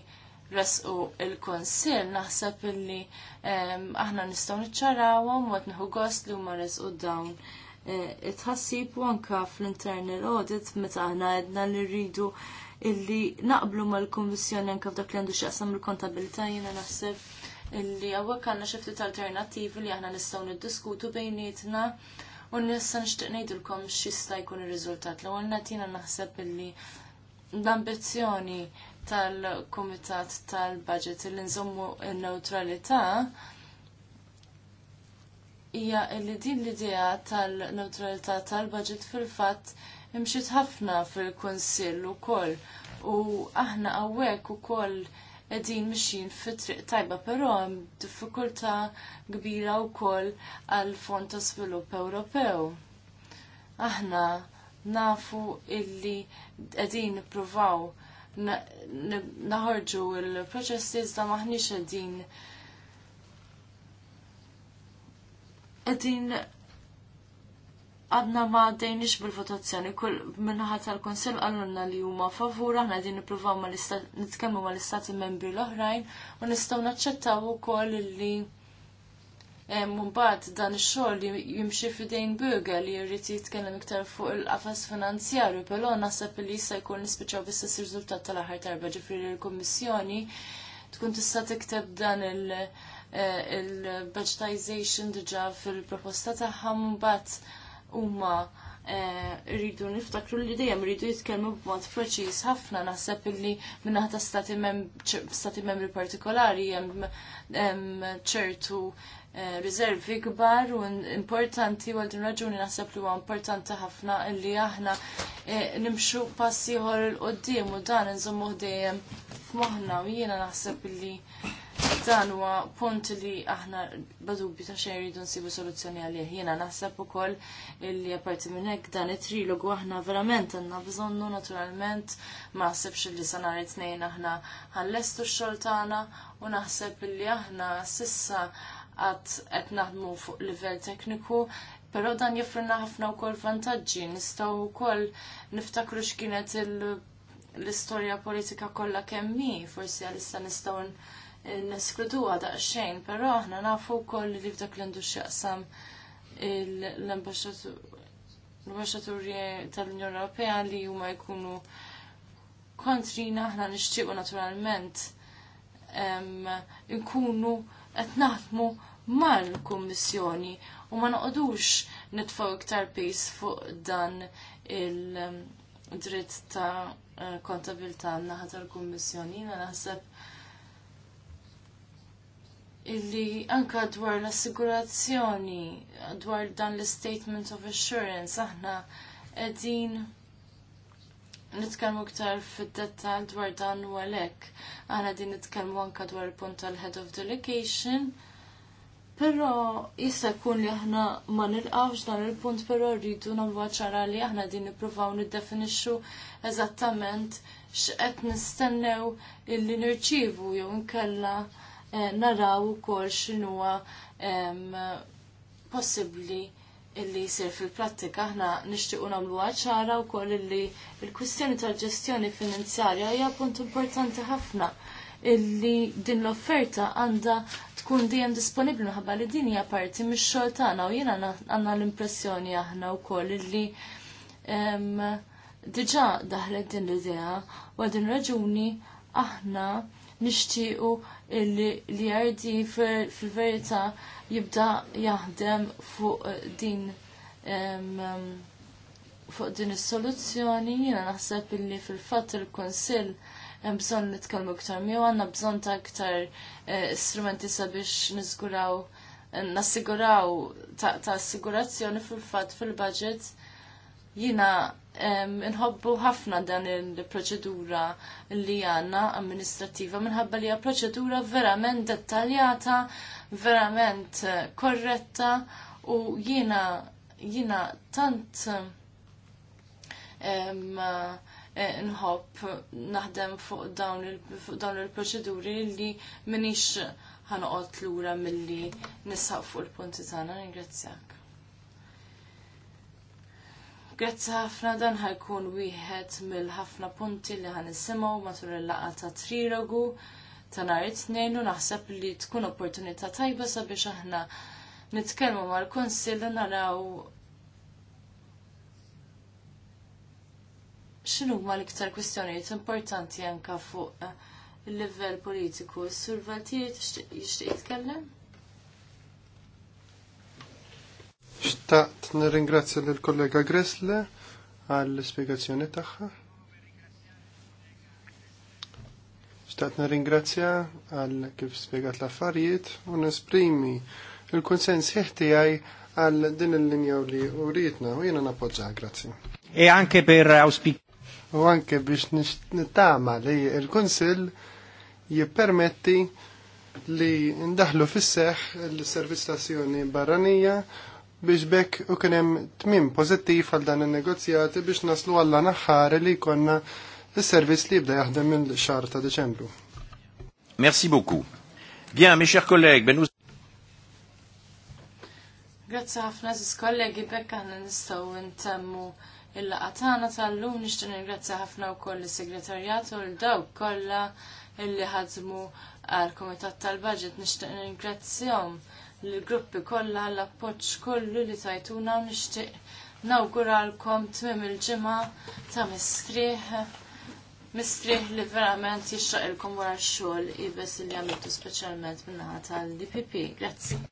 resqu il-konsil, naħseb illi aħna nistgħu niċċarawhom waqt nieħu gost li huma resqu dawn e, it tħassib u anka fl-internal audit meta aħna għedna li rridu illi naqblu mal-Kommissjoni anka f'dak li għandu x'aqsam il-kontabilità jiena naħseb illi għawek għanna xiftit alternativi li aħna nistaw niddiskutu bejnietna u nissa nishtiq nejdilkom xista jkun il-rizultat. l għanna tina naħseb illi l-ambizjoni tal-komitat tal-budget illi nżommu il-neutralità hija illi din l-idea tal-neutralità tal-budget fil-fatt imxiet ħafna fil-Kunsill ukoll u aħna għawek ukoll koll edin mixin fit-triq tajba, pero hemm diffikultà kbira wkoll għal Fond ta' Svilupp Ewropew. Aħna nafu illi qegħdin provaw naħorġu il proċessi iżda maħniex qegħdin qegħdin għadna ma għaddejniex bil-votazzjoni, kull minnaħat tal-Konsil għallunna li huma favur, aħna din nippruvaw ma nitkellmu ma l-istati membri l-oħrajn u nistgħu naċċettaw ukoll li eh, mbagħad dan ix-xogħol jimxi f'idejn Böga li jirriti jitkellem iktar fuq il-qafas finanzjarju, però naħseb li jista' jkun nispiċċaw bistess riżultat tal-aħħar darba ġifri l-Kummissjoni tkun tista' tikteb dan il- eh, il-budgetization diġa fil-proposta tagħha mbagħad huma eh, rridu niftakru li dejjem rridu jitkellmu b'mod preċiż ħafna naħseb illi minnaħa ta' stati membri partikolari hemm ċertu eh, riservi kbar u importanti u għaldin raġuni naħseb li huwa importanti ħafna illi aħna eh, nimxu passi ieħor il qoddim u dan nżommu dejjem f'moħħna u jiena naħseb illi dan huwa punt li aħna badubi ta' xejn rridu nsibu soluzzjoni għalih. Jiena naħseb ukoll li apparti minn hekk dan it-trilogu aħna verament għandna bżonnu naturalment ma naħsebx li sa nhar it-tnejn aħna ħallestu x-xogħol tagħna u naħseb li aħna sissa għad qed naħdmu fuq livell tekniku Pero dan jifrinna ħafna u kol vantagġi, nistaw u kol niftakru xkienet l-istoria politika kolla kemmi, forsi għalissa nistaw għada daqsxejn, però aħna nafu wkoll li f'dak l-għandu x'jaqsam l ambasġaturi tal-Unjoni Ewropea li huma jkunu kontrina aħna nixtiequ naturalment nkunu qed naħdmu mal-Kummissjoni u ma noqogħdux nitfgħu iktar pejs fuq dan il-dritt ta' eh, kontabilta' naħa tal-Kummissjoni. Jiena naħseb illi anka dwar l-assigurazzjoni, dwar dan l-statement of assurance, aħna edin nitkalmu ktar fid-dettal dwar dan u għalek. Aħna din nitkellmu anka dwar il-punt tal-head of delegation, Pero jista' jkun li aħna ma nilqawx dan il-punt però rridu nagħmlu ċara li aħna din nippruvaw niddefinixxu eżattament x'qed nistennew illi nirċievu jew nkella Eh, naraw ukoll x'inhuwa possibbli illi jisir fil-prattika aħna nixtiequ nagħmlu ċara wkoll illi l-kwistjoni tal-ġestjoni finanzjarja hija punt importanti ħafna illi din l-offerta għandha tkun dejjem disponibbli minħabba li din hija parti mix-xogħol tagħna u jiena għandna l-impressjoni aħna wkoll illi diġà daħlet din l-idea u għadin raġuni aħna nixtiequ li jardi fil-verità jibda jaħdem fuq din fuq din is-soluzzjoni jiena naħseb illi fil-fatt il-Kunsill hemm bżonn nitkellmu iktar miegħu bżon bżonn ta' iktar eh, strumenti sabiex nizguraw nassiguraw ta' assigurazzjoni fil-fatt fil-budget Jina nħobbu ħafna dan il-proċedura li għanna amministrativa minħabba li proċedura verament dettaljata, verament eh, korretta u jina jina tant eh, nħobb naħdem fuq dawn il-proċeduri li minix l-ura lura milli nisħaq fuq il-punti tagħna. Ringrazzjak. Grazzi ħafna dan ħajkun wieħed mill-ħafna punti li ħan isimgħu matul il-laqgħa ta' trilogu ta' nhar it-tnejn u naħseb li tkun opportunità tajba sabiex aħna nitkellmu mal-Kunsill naraw x'inhu huma l-iktar kwistjonijiet importanti anke fuq il-livell politiku. Is-Sur Valtier jixtieq jitkellem? Xtaqt nirringrazzja l kollega Gressle għall-spiegazzjoni tagħha. Xtaqt nirringrazzja għal kif spiegat l-affarijiet u nesprimi il-konsens ħieħtijaj għal din il-linja li u rritna u jena napoġġa, grazzi. E anke per auspik. U anke biex nittama li il-konsil jippermetti li ndaħlu fisseħ il servizzazzjoni barranija biex bekk u kienem tmim pozittiv għal dan il-negozjati biex naslu għalla naħħar li konna il-servis li jibda jaħdem mill xar ta' Deċembru. Merci beaucoup. Bien, mes chers collègues, ben nous... Grazie ħafna, ziz kollegi, bekk għanna nistaw intemmu il-laqatana tal-lum nishtan ringrazzja ħafna u koll il-segretarjat u l-daw kolla illi ħadmu għal-komitat tal-budget nishtan ringrazzjom l-gruppi kollha l-appoġġ kollu li tajtuna u nixtieq nawguralkom tmiem il-ġimgħa ta' mistrieħ mistrieħ li verament jixraqilkom wara x-xogħol ibes li għamiltu speċjalment min-naħa tal-DPP. Grazzi.